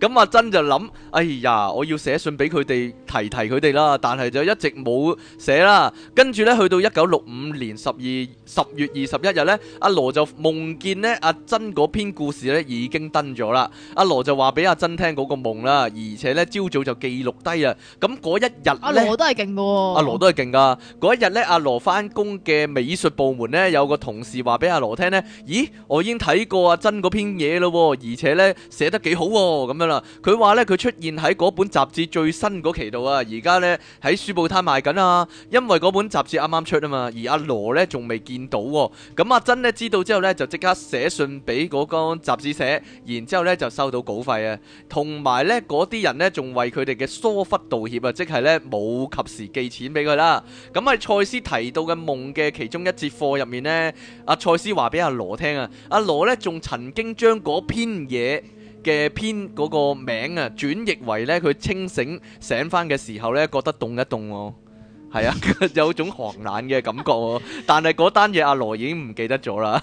B: 咁，阿珍就諗，哎呀，我要寫信俾佢哋提提佢哋啦。但係就一直冇寫啦。跟住咧，去到一九六五年十二十月二十一日咧，阿羅就夢見咧，阿珍嗰篇故事咧已經登咗啦。阿羅就話俾阿珍聽嗰個夢啦，而且咧朝早就記錄低啊。咁嗰一日咧，阿羅都
A: 係勁嘅。阿羅都係
B: 勁噶。嗰一日咧，阿羅翻工嘅美術部門咧，有個同事話俾阿羅聽咧。咦，我已經睇過阿珍嗰篇嘢咯，而且咧寫得幾好喎、啊，咁樣啦。佢話咧佢出現喺嗰本雜誌最新嗰期度啊，而家咧喺書報攤賣緊啊。因為嗰本雜誌啱啱出啊嘛，而阿羅咧仲未見到喎、啊。咁阿珍呢，知道之後咧就即刻寫信俾嗰個雜誌社，然之後咧就收到稿費啊。同埋咧嗰啲人呢，仲為佢哋嘅疏忽道歉啊，即係咧冇及時寄錢俾佢啦。咁喺賽斯提到嘅夢嘅其中一節課入面呢，阿賽斯話俾阿羅，我聽啊，阿羅咧仲曾經將嗰篇嘢嘅篇嗰個名啊，轉譯為咧佢清醒醒翻嘅時候咧，覺得凍一凍喎，係啊，有種寒冷嘅感覺喎，但係嗰單嘢阿羅已經唔記得咗啦。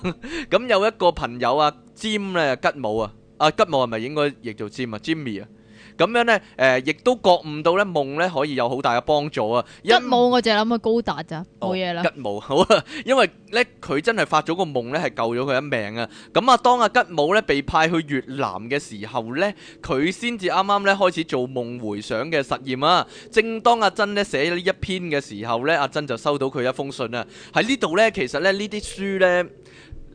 B: 咁有一個朋友啊，Jim 咧吉姆啊，阿吉姆係咪應該譯做 Jim 啊，Jimmy 啊？咁樣咧，誒、呃，亦都覺悟到咧，夢咧可以有好大嘅幫助啊！吉武
A: 我淨係諗佢高達咋，冇嘢啦。吉
B: 武好，啊，因為咧佢真係發咗個夢咧，係救咗佢一命啊！咁啊，當阿、啊、吉武咧被派去越南嘅時候咧，佢先至啱啱咧開始做夢回想嘅實驗啊！正當阿、啊、珍咧寫呢一篇嘅時候咧，阿、啊、珍就收到佢一封信啊！喺呢度咧，其實咧呢啲書咧。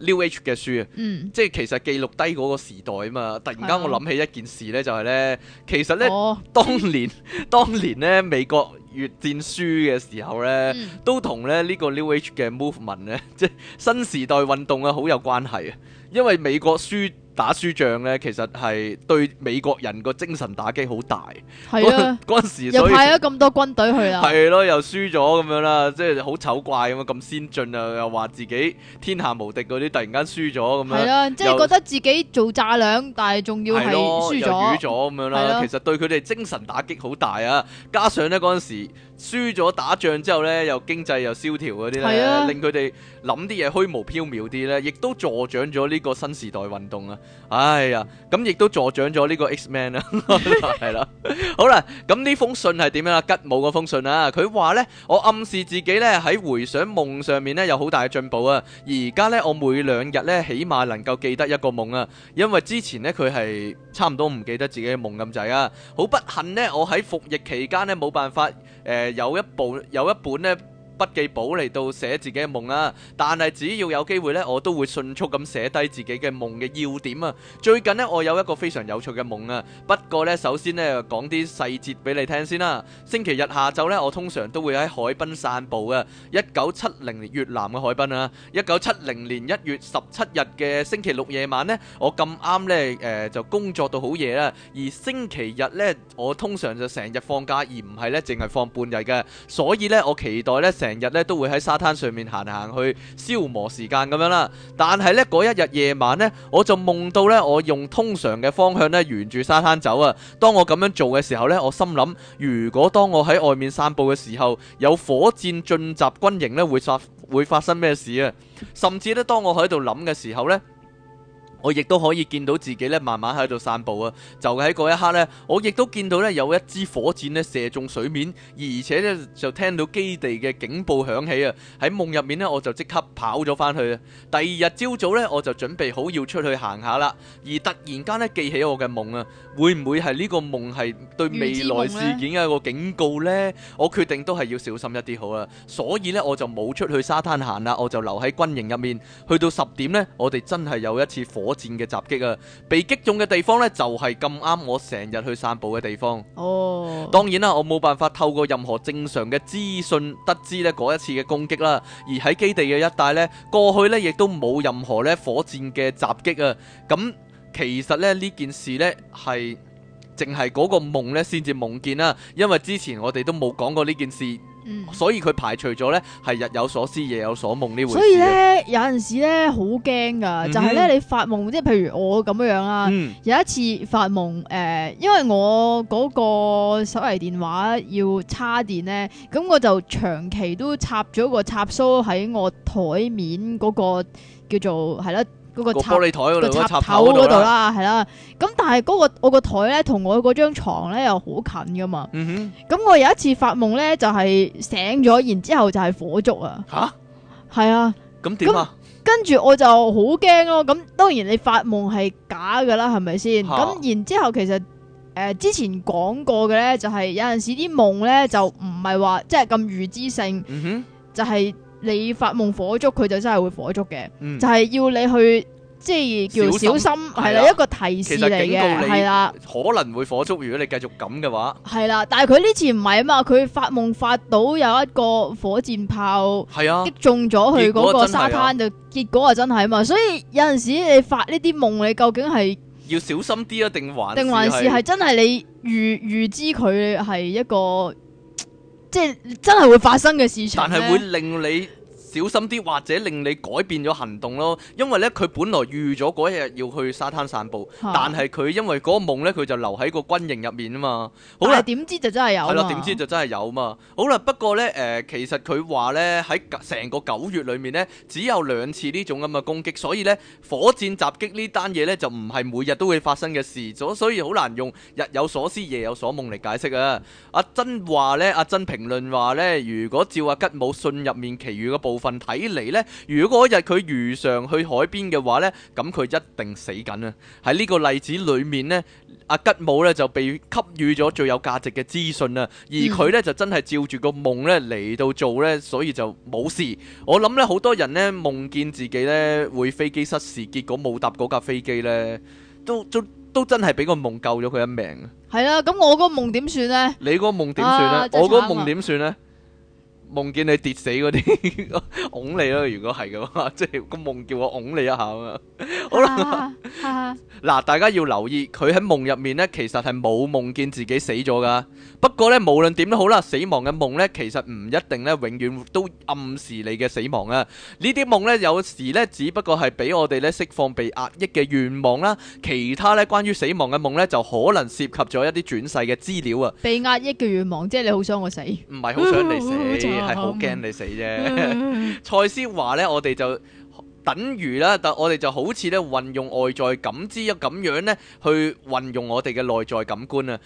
B: New Age 嘅書啊，嗯、即係其實記錄低嗰個時代啊嘛。突然間我諗起一件事咧，就係、是、咧，其實咧、哦、當年 當年咧美國越戰輸嘅時候咧，嗯、都同咧呢、呢個 New Age 嘅 movement 咧，即係新時代運動啊，好有關係啊，因為美國輸。打輸仗呢，其實係對美國人個精神打擊好大。係啊，嗰 時又派咗
A: 咁多軍隊去啦。係
B: 咯、啊，又輸咗咁樣啦，即係好醜怪咁啊！咁先進啊，又話自己天下無敵嗰啲，突然間輸咗咁樣。係啦、啊，又即係覺得
A: 自己做炸兩，但係仲要係輸咗
B: 咁、啊、樣啦。其實對佢哋精神打擊好大啊！加上呢，嗰陣時。輸咗打仗之後呢，又經濟又蕭條嗰啲咧，啊、令佢哋諗啲嘢虛無縹緲啲呢，亦都助長咗呢個新時代運動啊。哎呀，咁亦都助長咗呢個 X Man 啦、啊，係啦，好啦，咁呢封信係點樣啊？吉姆嗰封信啊，佢話呢，我暗示自己呢，喺回想夢上面呢，有好大嘅進步啊。而家呢，我每兩日呢，起碼能夠記得一個夢啊，因為之前呢，佢係差唔多唔記得自己嘅夢咁滯啊。好不幸呢，我喺服役期間呢，冇辦法。誒、呃、有一部有一本呢，筆記簿嚟到寫自己嘅夢啊！但係只要有機會咧，我都會迅速咁寫低自己嘅夢嘅要點啊！最近咧，我有一個非常有趣嘅夢啊！不過咧，首先咧講啲細節俾你聽先啦。星期日下晝咧，我通常都會喺海濱散步啊，一九七零年越南嘅海濱啊。一九七零年一月十七日嘅星期六夜晚咧，我咁啱咧誒就工作到好夜喇！而星期日咧，我通常就成日放假，而唔係咧淨係放半日嘅，所以咧我期待咧成。成日咧都會喺沙灘上面行行去消磨時間咁樣啦，但係咧嗰一日夜晚呢，我就夢到咧我用通常嘅方向咧沿住沙灘走啊。當我咁樣做嘅時候呢，我心諗，如果當我喺外面散步嘅時候，有火箭進襲軍營呢，會發會發生咩事啊？甚至咧，當我喺度諗嘅時候呢。我亦都可以見到自己咧，慢慢喺度散步啊！就喺嗰一刻呢，我亦都見到咧有一支火箭咧射中水面，而且呢就聽到基地嘅警報響起啊！喺夢入面呢，我就即刻跑咗翻去啊！第二日朝早呢，我就準備好要出去行下啦，而突然間呢，記起我嘅夢啊，會唔會係呢個夢係對未來事件嘅一個警告呢？呢，我決定都係要小心一啲好啊。所以呢，我就冇出去沙灘行啦，我就留喺軍營入面。去到十點呢，我哋真係有一次火火箭嘅襲擊啊，被擊中嘅地方呢，就係咁啱我成日去散步嘅地方哦。Oh. 當然啦，我冇辦法透過任何正常嘅資訊得知呢嗰一次嘅攻擊啦。而喺基地嘅一帶呢，過去呢亦都冇任何呢火箭嘅襲擊啊。咁其實呢呢件事呢，係淨係嗰個夢呢先至夢見啦，因為之前我哋都冇講過呢件事。所以佢排除咗咧，係日有所思夜有所夢呢回事。所以咧，
A: 有陣時咧好驚噶，嗯、哼就係咧你發夢，即係譬如我咁樣樣啊。嗯、有一次發夢，誒、呃，因為我嗰個手提電話要插電咧，咁我就長期都插咗個插蘇喺我台面嗰個叫做係啦。個玻璃台度插插頭嗰度啦，係啦。咁、嗯、哼但係嗰、那個我個台咧，同我嗰張床咧又好近噶嘛。咁、嗯、哼我有一次發夢咧，就係、是，醒咗，然之後就係火燭啊。吓，係啊。
B: 咁點、嗯、啊？
A: 跟住我就好驚咯。咁當然你發夢係假噶啦，係咪先？咁、啊、然之後其實誒、呃，之前講過嘅咧，就係、是，有陣時啲夢咧就唔係話即係咁預知性，嗯、哼就係、是。你發夢火燭，佢就真係會火燭嘅，嗯、就係要你去即係叫小心，係心啦一個提示你嘅，係啦可
B: 能會火燭。啦如果你繼續咁嘅話，
A: 係啦，但係佢呢次唔係啊嘛，佢發夢發到有一個火箭炮，係啊擊中咗佢嗰個沙灘就結果啊真係啊嘛，所以有陣時你發呢啲夢，你究竟係
B: 要小心啲啊，定還定還是係
A: 真係你預預知佢係一個。即係真係會發生嘅事情，但係會
B: 令你。小心啲，或者令你改變咗行動咯。因為呢，佢本來預咗嗰一日要去沙灘散步，啊、但係佢因為嗰個夢咧，佢就留喺個軍營入面啊嘛。好啦，點知
A: 就真係有。係啦，點知就
B: 真係有嘛。好啦，不過呢，誒、呃，其實佢話呢，喺成個九月裏面呢，只有兩次呢種咁嘅攻擊，所以呢，火箭襲擊呢單嘢呢，就唔係每日都會發生嘅事，咗。所以好難用日有所思夜有所夢嚟解釋啊。阿珍話呢，阿、啊、珍評論話呢，如果照阿吉姆信入面其餘嘅部。份睇嚟咧，如果嗰日佢如常去海邊嘅話咧，咁佢一定死緊啊！喺呢個例子裏面咧，阿吉姆咧就被給予咗最有價值嘅資訊啊，而佢咧就真係照住個夢咧嚟到做咧，所以就冇事。我諗咧，好多人咧夢見自己咧會飛機失事，結果冇搭嗰架飛機咧，都都都真係俾個夢救咗佢一命。
A: 係啦，咁我個夢點算咧？
B: 你個夢點算咧？我個夢點算咧？夢見你跌死嗰啲，拱你咯。如果係嘅話，即係個夢叫我拱你一下啊。好啦，嗱，大家要留意，佢喺夢入面呢，其實係冇夢見自己死咗噶。不過呢，無論點都好啦，死亡嘅夢呢，其實唔一定呢，永遠都暗示你嘅死亡啊。呢啲夢呢，有時呢，只不過係俾我哋呢，釋放被壓抑嘅願望啦。其他呢，關於死亡嘅夢呢，就可能涉及咗一啲轉世嘅資料啊。
A: 被壓抑嘅願望，即係你好想我死？唔係好想你死。係好
B: 驚你死啫！蔡思華咧，我哋就等於啦，但我哋就好似咧，運用外在感知一咁樣咧，去運用我哋嘅內在感官啊！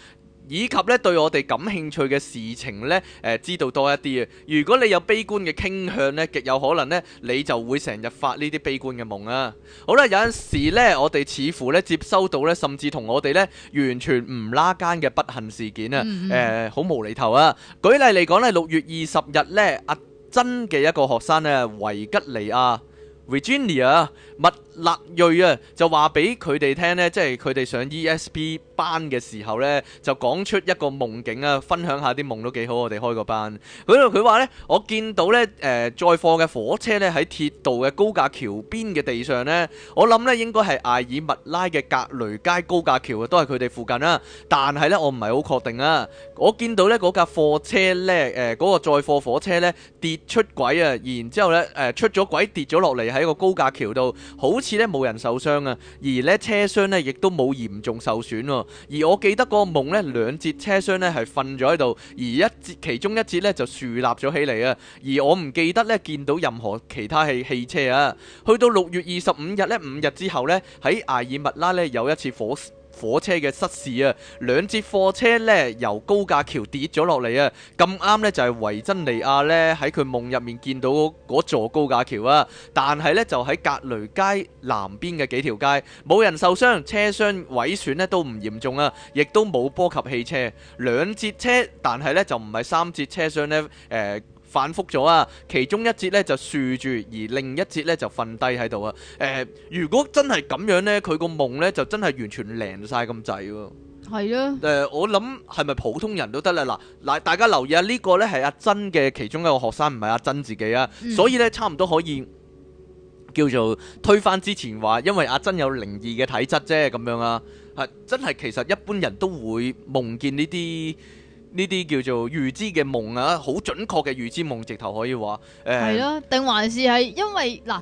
B: 以及咧對我哋感興趣嘅事情咧，誒、呃、知道多一啲啊！如果你有悲觀嘅傾向咧，極有可能咧你就會成日發呢啲悲觀嘅夢啊！好啦，有陣時咧，我哋似乎咧接收到咧，甚至同我哋咧完全唔拉更嘅不幸事件啊！誒、mm，好、hmm. 呃、無厘頭啊！舉例嚟講咧，六月二十日咧，阿珍嘅一個學生咧，維吉尼亞 （Virginia） 勒瑞啊，就話俾佢哋聽呢，即係佢哋上 E.S.P 班嘅時候呢，就講出一個夢境啊，分享下啲夢都幾好。我哋開個班，佢話呢：「我見到呢誒，載貨嘅火車呢，喺鐵道嘅高架橋邊嘅地上呢。我呢」我諗呢應該係艾爾密拉嘅格雷街高架橋啊，都係佢哋附近啦。但係呢，我唔係好確定啊。我見到呢嗰架貨車呢，誒、呃、嗰、那個載貨火車呢跌出軌啊，然之後呢，誒、呃、出咗軌跌咗落嚟喺個高架橋度，好。似咧冇人受傷啊，而咧車廂咧亦都冇嚴重受損喎。而我記得嗰個夢咧，兩節車廂咧係瞓咗喺度，而一節其中一節咧就豎立咗起嚟啊。而我唔記得咧見到任何其他汽汽車啊。去到六月二十五日咧，五日之後咧，喺艾爾密拉咧有一次火。火車嘅失事啊，兩節貨車呢由高架橋跌咗落嚟啊，咁啱呢，呢，就係維珍尼亞呢喺佢夢入面見到嗰座高架橋啊，但係呢，就喺格雷街南邊嘅幾條街，冇人受傷，車廂毀損呢都唔嚴重啊，亦都冇波及汽車，兩節車，但係呢，就唔係三節車廂呢。誒、呃。反覆咗啊！其中一節咧就豎住，而另一節咧就瞓低喺度啊！誒、呃，如果真係咁樣呢，佢個夢呢就真係完全靈晒咁滯。係、呃、啊！我諗係咪普通人都得啦？嗱，大家留意下呢，呢個呢係阿珍嘅其中一個學生，唔係阿珍自己啊，嗯、所以呢，差唔多可以叫做推翻之前話，因為阿珍有靈異嘅體質啫，咁樣啊，係、嗯、真係其實一般人都會夢見呢啲。呢啲叫做預知嘅夢啊，好準確嘅預知夢，直頭可以話，誒、嗯，係咯、啊，
A: 定還是係因為嗱，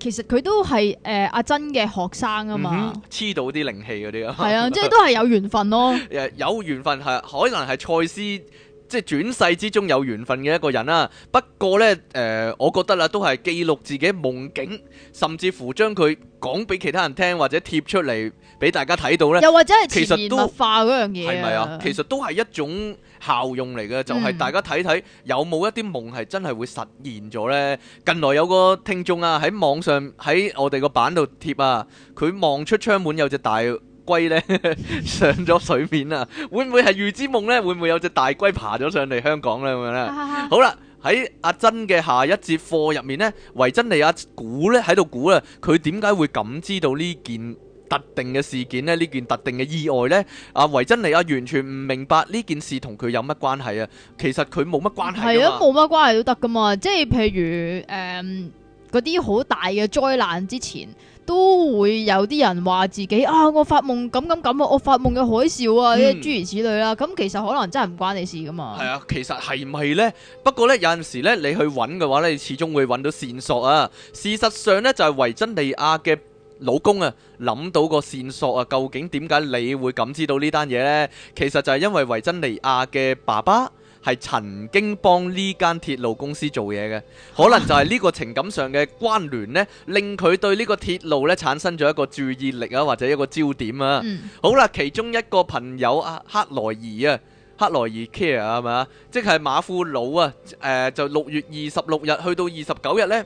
A: 其實佢都係誒、呃、阿珍嘅學生啊嘛，
B: 黐、嗯、到啲靈氣嗰啲啊，係 啊，即係都
A: 係有緣分咯，
B: 誒 有緣分係、啊，可能係賽斯。即係轉世之中有緣分嘅一個人啦、啊，不過呢，誒、呃，我覺得啦、啊，都係記錄自己夢境，甚至乎將佢講俾其他人聽，或者貼出嚟俾大家睇到咧。又或者係潛意識
A: 化嗰樣嘢啊？係咪啊？其
B: 實都係、啊、一種效用嚟嘅，就係、是、大家睇睇有冇一啲夢係真係會實現咗呢？嗯、近來有個聽眾啊，喺網上喺我哋個版度貼啊，佢望出窗門有隻大龜咧 上咗水面啊，會唔會係預知夢呢？會唔會有隻大龜爬咗上嚟香港呢？咁樣咧？好啦，喺阿珍嘅下一節課入面呢，維珍尼亞估呢喺度估啊，佢點解會感知到呢件特定嘅事件呢？呢件特定嘅意外呢？阿、啊、維珍尼亞完全唔明白呢件事同佢有乜關係啊？其實佢冇乜關係，係啊，冇
A: 乜關係都得噶嘛。即係譬如誒，嗰啲好大嘅災難之前。都會有啲人話自己啊，我發夢咁咁咁啊，我發夢嘅海嘯啊，諸如此類啦。咁其實可能真係唔關你事噶嘛。係
B: 啊，其實係唔係咧？不過咧，有陣時咧，你去搵嘅話咧，你始終會搵到線索啊。事實上咧，就係維珍尼亞嘅老公啊，諗到個線索啊，究竟點解你會感知到呢單嘢咧？其實就係因為維珍尼亞嘅爸爸。係曾經幫呢間鐵路公司做嘢嘅，可能就係呢個情感上嘅關聯呢，令佢對呢個鐵路呢產生咗一個注意力啊，或者一個焦點啊。嗯、好啦，其中一個朋友啊，克萊兒啊，克萊兒 care 係嘛，即係馬富魯啊，誒、呃、就六月二十六日去到二十九日呢。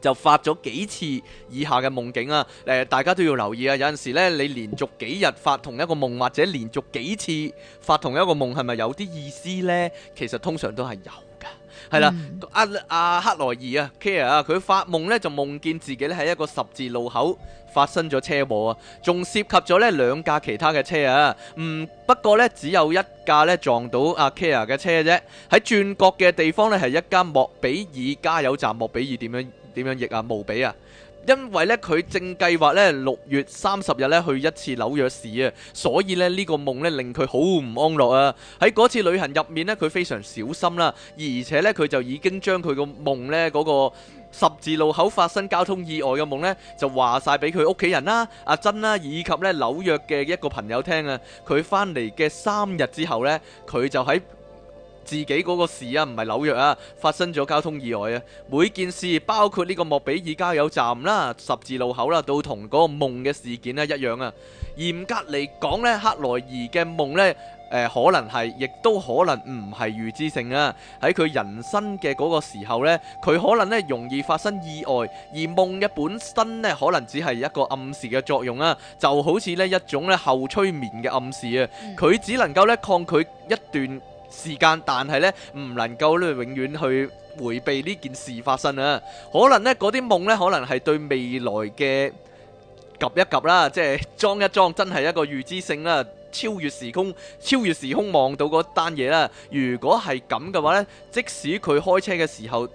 B: 就發咗幾次以下嘅夢境啊！誒、呃，大家都要留意啊。有陣時咧，你連續幾日發同一個夢，或者連續幾次發同一個夢，係咪有啲意思呢？其實通常都係有噶，係啦、啊。阿阿、嗯啊啊、克萊兒啊，Kia 啊，佢、啊、發夢咧就夢見自己咧喺一個十字路口發生咗車禍啊，仲涉及咗呢兩架其他嘅車啊。嗯，不過呢，只有一架呢撞到阿 Kia 嘅車啫。喺轉角嘅地方呢，係一間莫比爾加油站，莫比爾點樣？點樣譯啊，無比啊！因為咧佢正計劃咧六月三十日咧去一次紐約市啊，所以咧呢個夢咧令佢好唔安樂啊！喺嗰次旅行入面咧，佢非常小心啦，而且咧佢就已經將佢個夢咧嗰個十字路口發生交通意外嘅夢咧就話晒俾佢屋企人啦、阿珍啦，以及咧紐約嘅一個朋友聽啊！佢翻嚟嘅三日之後咧，佢就喺，自己嗰個事啊，唔係紐約啊，發生咗交通意外啊。每件事包括呢個莫比爾加油站啦、十字路口啦，都同嗰個夢嘅事件咧一樣啊。嚴格嚟講咧，克萊爾嘅夢咧，誒可能係，亦都可能唔係預知性啊。喺佢人生嘅嗰個時候咧，佢可能咧容易發生意外，而夢嘅本身咧，可能只係一個暗示嘅作用啊。就好似咧一種咧後催眠嘅暗示啊，佢只能夠咧抗拒一段。時間，但係咧唔能夠咧永遠去迴避呢件事發生啊！可能呢嗰啲夢呢，可能係對未來嘅及一及啦，即係裝一裝，真係一個預知性啦、啊，超越時空，超越時空望到嗰單嘢啦。如果係咁嘅話呢，即使佢開車嘅時候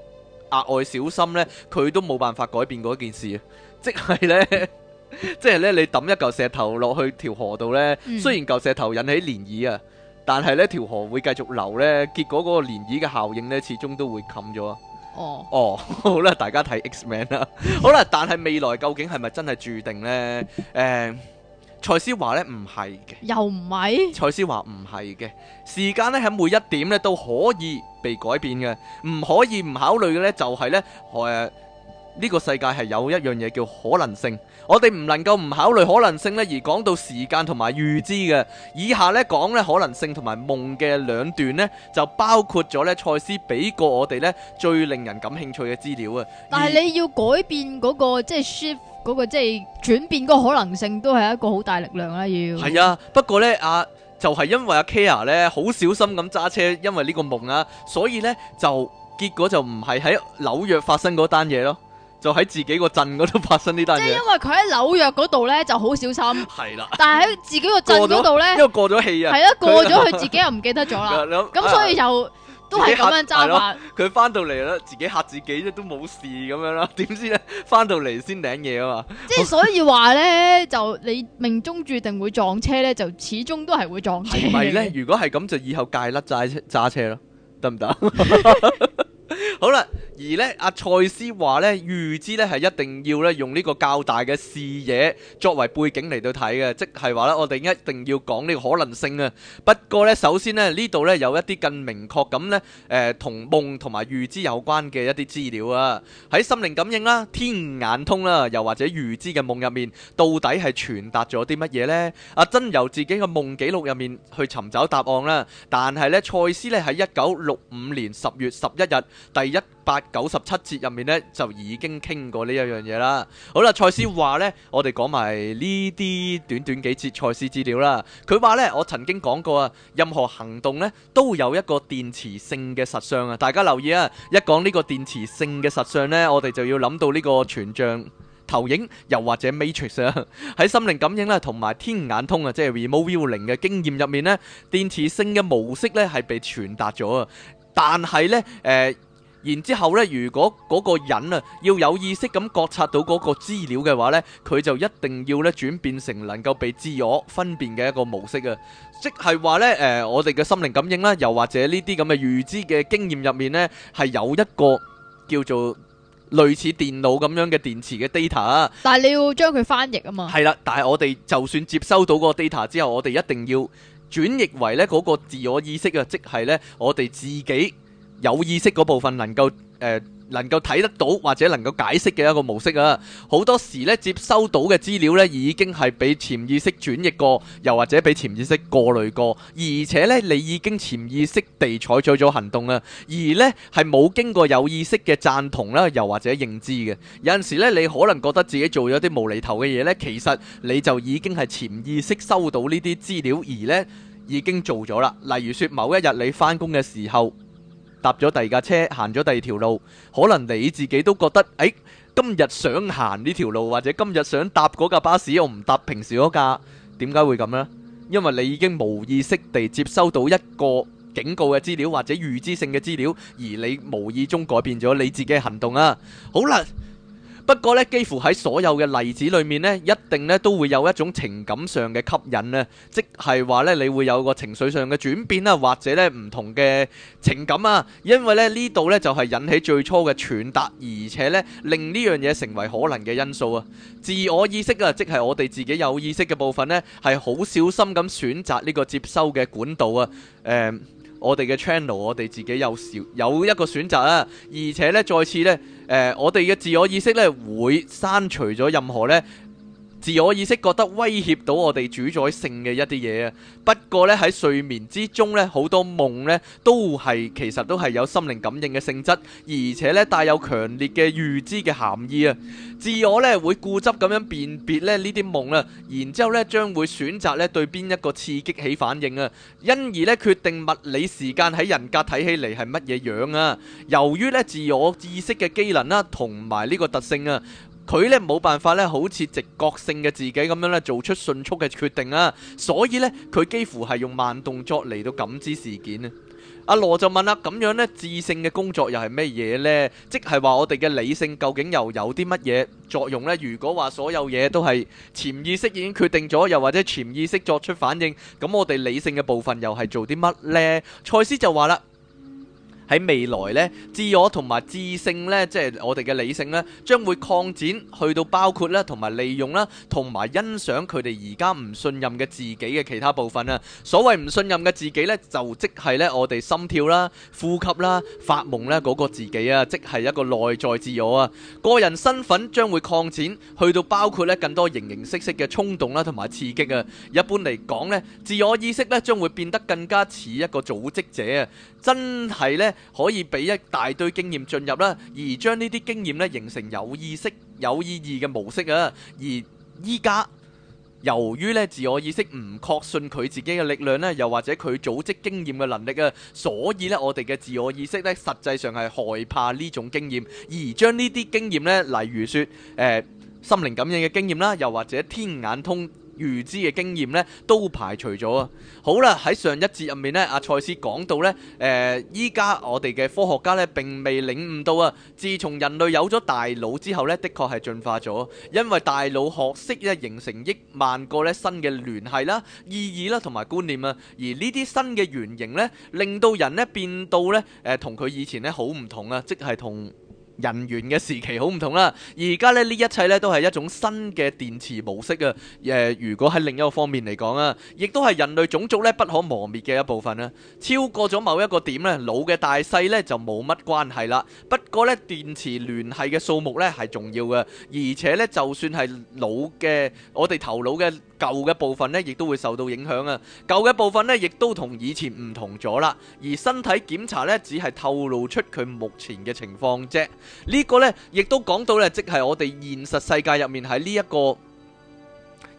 B: 額外小心呢，佢都冇辦法改變嗰件事、啊、即係呢， 即係呢，你抌一嚿石頭落去條河度呢，嗯、雖然嚿石頭引起漣漪啊！但係呢條河會繼續流呢，結果嗰個漣漪嘅效應呢，始終都會冚咗。哦，oh. 哦，好啦，大家睇 X-Men 啦。Man 好啦，但係未來究竟係咪真係注定呢？賽斯話呢？唔係嘅，又唔係。賽斯話唔係嘅，時間呢喺每一點呢都可以被改變嘅，唔可以唔考慮嘅呢，就係、是、呢。誒、呃。呢個世界係有一樣嘢叫可能性，我哋唔能夠唔考慮可能性咧，而講到時間同埋預知嘅。以下咧講咧可能性同埋夢嘅兩段咧，就包括咗咧賽斯俾過我哋咧最令人感興趣嘅資料啊。但係你
A: 要改變嗰，那個即係 shift 嗰個即係轉變個可能性，都係一個好大力量啦。要係啊，
B: 不過呢，阿、啊、就係、是、因為阿 Kia 咧好小心咁揸車，因為呢個夢啊，所以呢，就結果就唔係喺紐約發生嗰單嘢咯。就喺自己個鎮嗰度發生呢單嘢，即係因
A: 為佢喺紐約嗰度咧就好小心，
B: 係啦。但係喺
A: 自己個鎮嗰度咧，因為過
B: 咗氣啊，係咯過咗，佢自己
A: 又唔記得咗啦。咁所以就，
B: 都係咁樣揸法。佢翻到嚟咧，自己嚇自己啫，都冇事咁樣啦。點知咧，翻到嚟先領嘢啊嘛。即係所以話
A: 咧，就你命中注定會撞車咧，就始終都係會撞車。係咪咧？
B: 如果係咁就以後戒甩揸車揸車咯，得唔得？好啦。而咧，阿賽斯話咧，預知咧係一定要咧用呢個較大嘅視野作為背景嚟到睇嘅，即係話咧，我哋一定要講呢個可能性啊。不過咧，首先咧呢度咧有一啲更明確咁咧，誒，同夢同埋預知有關嘅一啲資料啊。喺心靈感應啦、天眼通啦，又或者預知嘅夢入面，到底係傳達咗啲乜嘢咧？阿真由自己嘅夢記錄入面去尋找答案啦。但係咧，賽斯咧喺一九六五年十月十一日第一。八九十七節入面咧就已經傾過呢一樣嘢啦。好啦，賽斯話呢，我哋講埋呢啲短短幾節賽斯資料啦。佢話呢，我曾經講過啊，任何行動呢，都有一個電磁性嘅實相啊。大家留意啊，一講呢個電磁性嘅實相呢，我哋就要諗到呢個全像投影，又或者 matrix 喺 心靈感應啦，同埋天眼通啊，即係 remote viewing 嘅經驗入面呢，電磁性嘅模式呢，係被傳達咗啊。但係呢，誒、呃。然之後咧，如果嗰個人啊要有意識咁覺察到嗰個資料嘅話呢，佢就一定要咧轉變成能夠被自我分辨嘅一個模式啊！即係話呢，誒、呃、我哋嘅心靈感應啦，又或者呢啲咁嘅預知嘅經驗入面呢，係有一個叫做類似電腦咁樣嘅電池嘅 data。
A: 但係你要將佢翻譯啊
B: 嘛！係啦，但係我哋就算接收到個 data 之後，我哋一定要轉譯為呢嗰個自我意識啊！即係呢，我哋自己。有意識嗰部分能夠誒、呃、能夠睇得到或者能夠解釋嘅一個模式啊，好多時咧接收到嘅資料咧已經係俾潛意識轉譯過，又或者俾潛意識過濾過，而且咧你已經潛意識地採取咗行動啦，而呢係冇經過有意識嘅贊同啦，又或者認知嘅。有陣時咧，你可能覺得自己做咗啲無厘頭嘅嘢呢，其實你就已經係潛意識收到呢啲資料而呢已經做咗啦。例如説，某一日你翻工嘅時候。搭咗第二架車，行咗第二條路，可能你自己都覺得，誒，今日想行呢條路，或者今日想搭嗰架巴士，又唔搭平時嗰架，點解會咁呢？因為你已經無意識地接收到一個警告嘅資料，或者預知性嘅資料，而你無意中改變咗你自己嘅行動啊！好啦。不過咧，幾乎喺所有嘅例子裏面咧，一定咧都會有一種情感上嘅吸引咧、啊，即係話咧，你會有個情緒上嘅轉變啊，或者咧唔同嘅情感啊，因為咧呢度咧就係引起最初嘅傳達，而且咧令呢樣嘢成為可能嘅因素啊。自我意識啊，即係我哋自己有意識嘅部分咧，係好小心咁選擇呢個接收嘅管道啊。誒、嗯。我哋嘅 channel，我哋自己有少有一個選擇啦，而且咧再次咧，誒、呃、我哋嘅自我意識咧會刪除咗任何咧，自我意識覺得威脅到我哋主宰性嘅一啲嘢啊，不過咧喺睡眠之中咧，好多夢咧都係其實都係有心靈感應嘅性質，而且咧帶有強烈嘅預知嘅含義啊。自我咧會固執咁樣辨別咧呢啲夢啦，然之後咧將會選擇咧對邊一個刺激起反應啊，因而咧決定物理時間喺人格睇起嚟係乜嘢樣啊。由於咧自我意識嘅機能啦，同埋呢個特性啊。佢咧冇辦法咧，好似直覺性嘅自己咁樣咧，做出迅速嘅決定啊！所以咧，佢幾乎係用慢動作嚟到感知事件啊！阿、啊、羅就問啦、啊：咁樣咧，智性嘅工作又係咩嘢呢？即係話我哋嘅理性究竟又有啲乜嘢作用呢？如果話所有嘢都係潛意識已經決定咗，又或者潛意識作出反應，咁我哋理性嘅部分又係做啲乜呢？」蔡斯就話啦。喺未來呢，自我同埋智性呢，即係我哋嘅理性呢，將會擴展去到包括呢，同埋利用啦，同埋欣賞佢哋而家唔信任嘅自己嘅其他部分啊。所謂唔信任嘅自己呢，就即係呢我哋心跳啦、呼吸啦、發夢呢嗰個自己啊，即係一個內在自我啊。個人身份將會擴展去到包括呢更多形形色色嘅衝動啦，同埋刺激啊。一般嚟講呢，自我意識呢，將會變得更加似一個組織者啊。真係咧，可以俾一大堆經驗進入啦，而將呢啲經驗咧形成有意識、有意義嘅模式啊。而依家由於咧自我意識唔確信佢自己嘅力量咧，又或者佢組織經驗嘅能力啊，所以咧我哋嘅自我意識咧實際上係害怕呢種經驗，而將呢啲經驗咧，例如説誒、呃、心靈感應嘅經驗啦，又或者天眼通。預知嘅經驗咧，都排除咗啊！好啦，喺上一節入面咧，阿、啊、賽斯講到咧，誒依家我哋嘅科學家咧並未領悟到啊！自從人類有咗大腦之後咧，的確係進化咗，因為大腦學識咧形成億萬個咧新嘅聯繫啦、意義啦同埋觀念啊，而呢啲新嘅原型咧，令到人咧變到咧誒同佢以前咧好唔同啊，即係同，人猿嘅時期好唔同啦，而家咧呢一切咧都係一種新嘅電池模式啊！誒，如果喺另一個方面嚟講啊，亦都係人類種族咧不可磨滅嘅一部分啦。超過咗某一個點咧，腦嘅大細咧就冇乜關係啦。不過咧，電池聯繫嘅數目咧係重要嘅，而且咧就算係老嘅，我哋頭腦嘅舊嘅部分咧，亦都會受到影響啊。舊嘅部分咧，亦都同以前唔同咗啦。而身體檢查咧，只係透露出佢目前嘅情況啫。呢個呢，亦都講到呢，即係我哋現實世界入面喺呢一個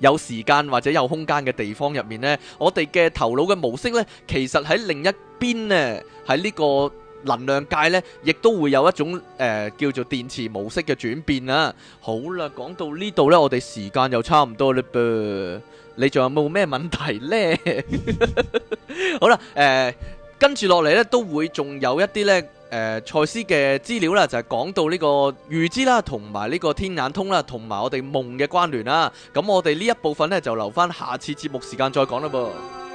B: 有時間或者有空間嘅地方入面呢，我哋嘅頭腦嘅模式呢，其實喺另一邊呢，喺呢個能量界呢，亦都會有一種誒、呃、叫做電池模式嘅轉變啊！好啦，講到呢度呢，我哋時間又差唔多啦噃，你仲有冇咩問題呢？ 好啦，誒、呃，跟住落嚟呢，都會仲有一啲呢。誒賽、呃、斯嘅資料啦，就係，是，講到呢個預知啦，同埋呢個天眼通啦，同埋我哋夢嘅關聯啦。咁我哋呢一部分咧，就留返下次節目時間再講啦噃。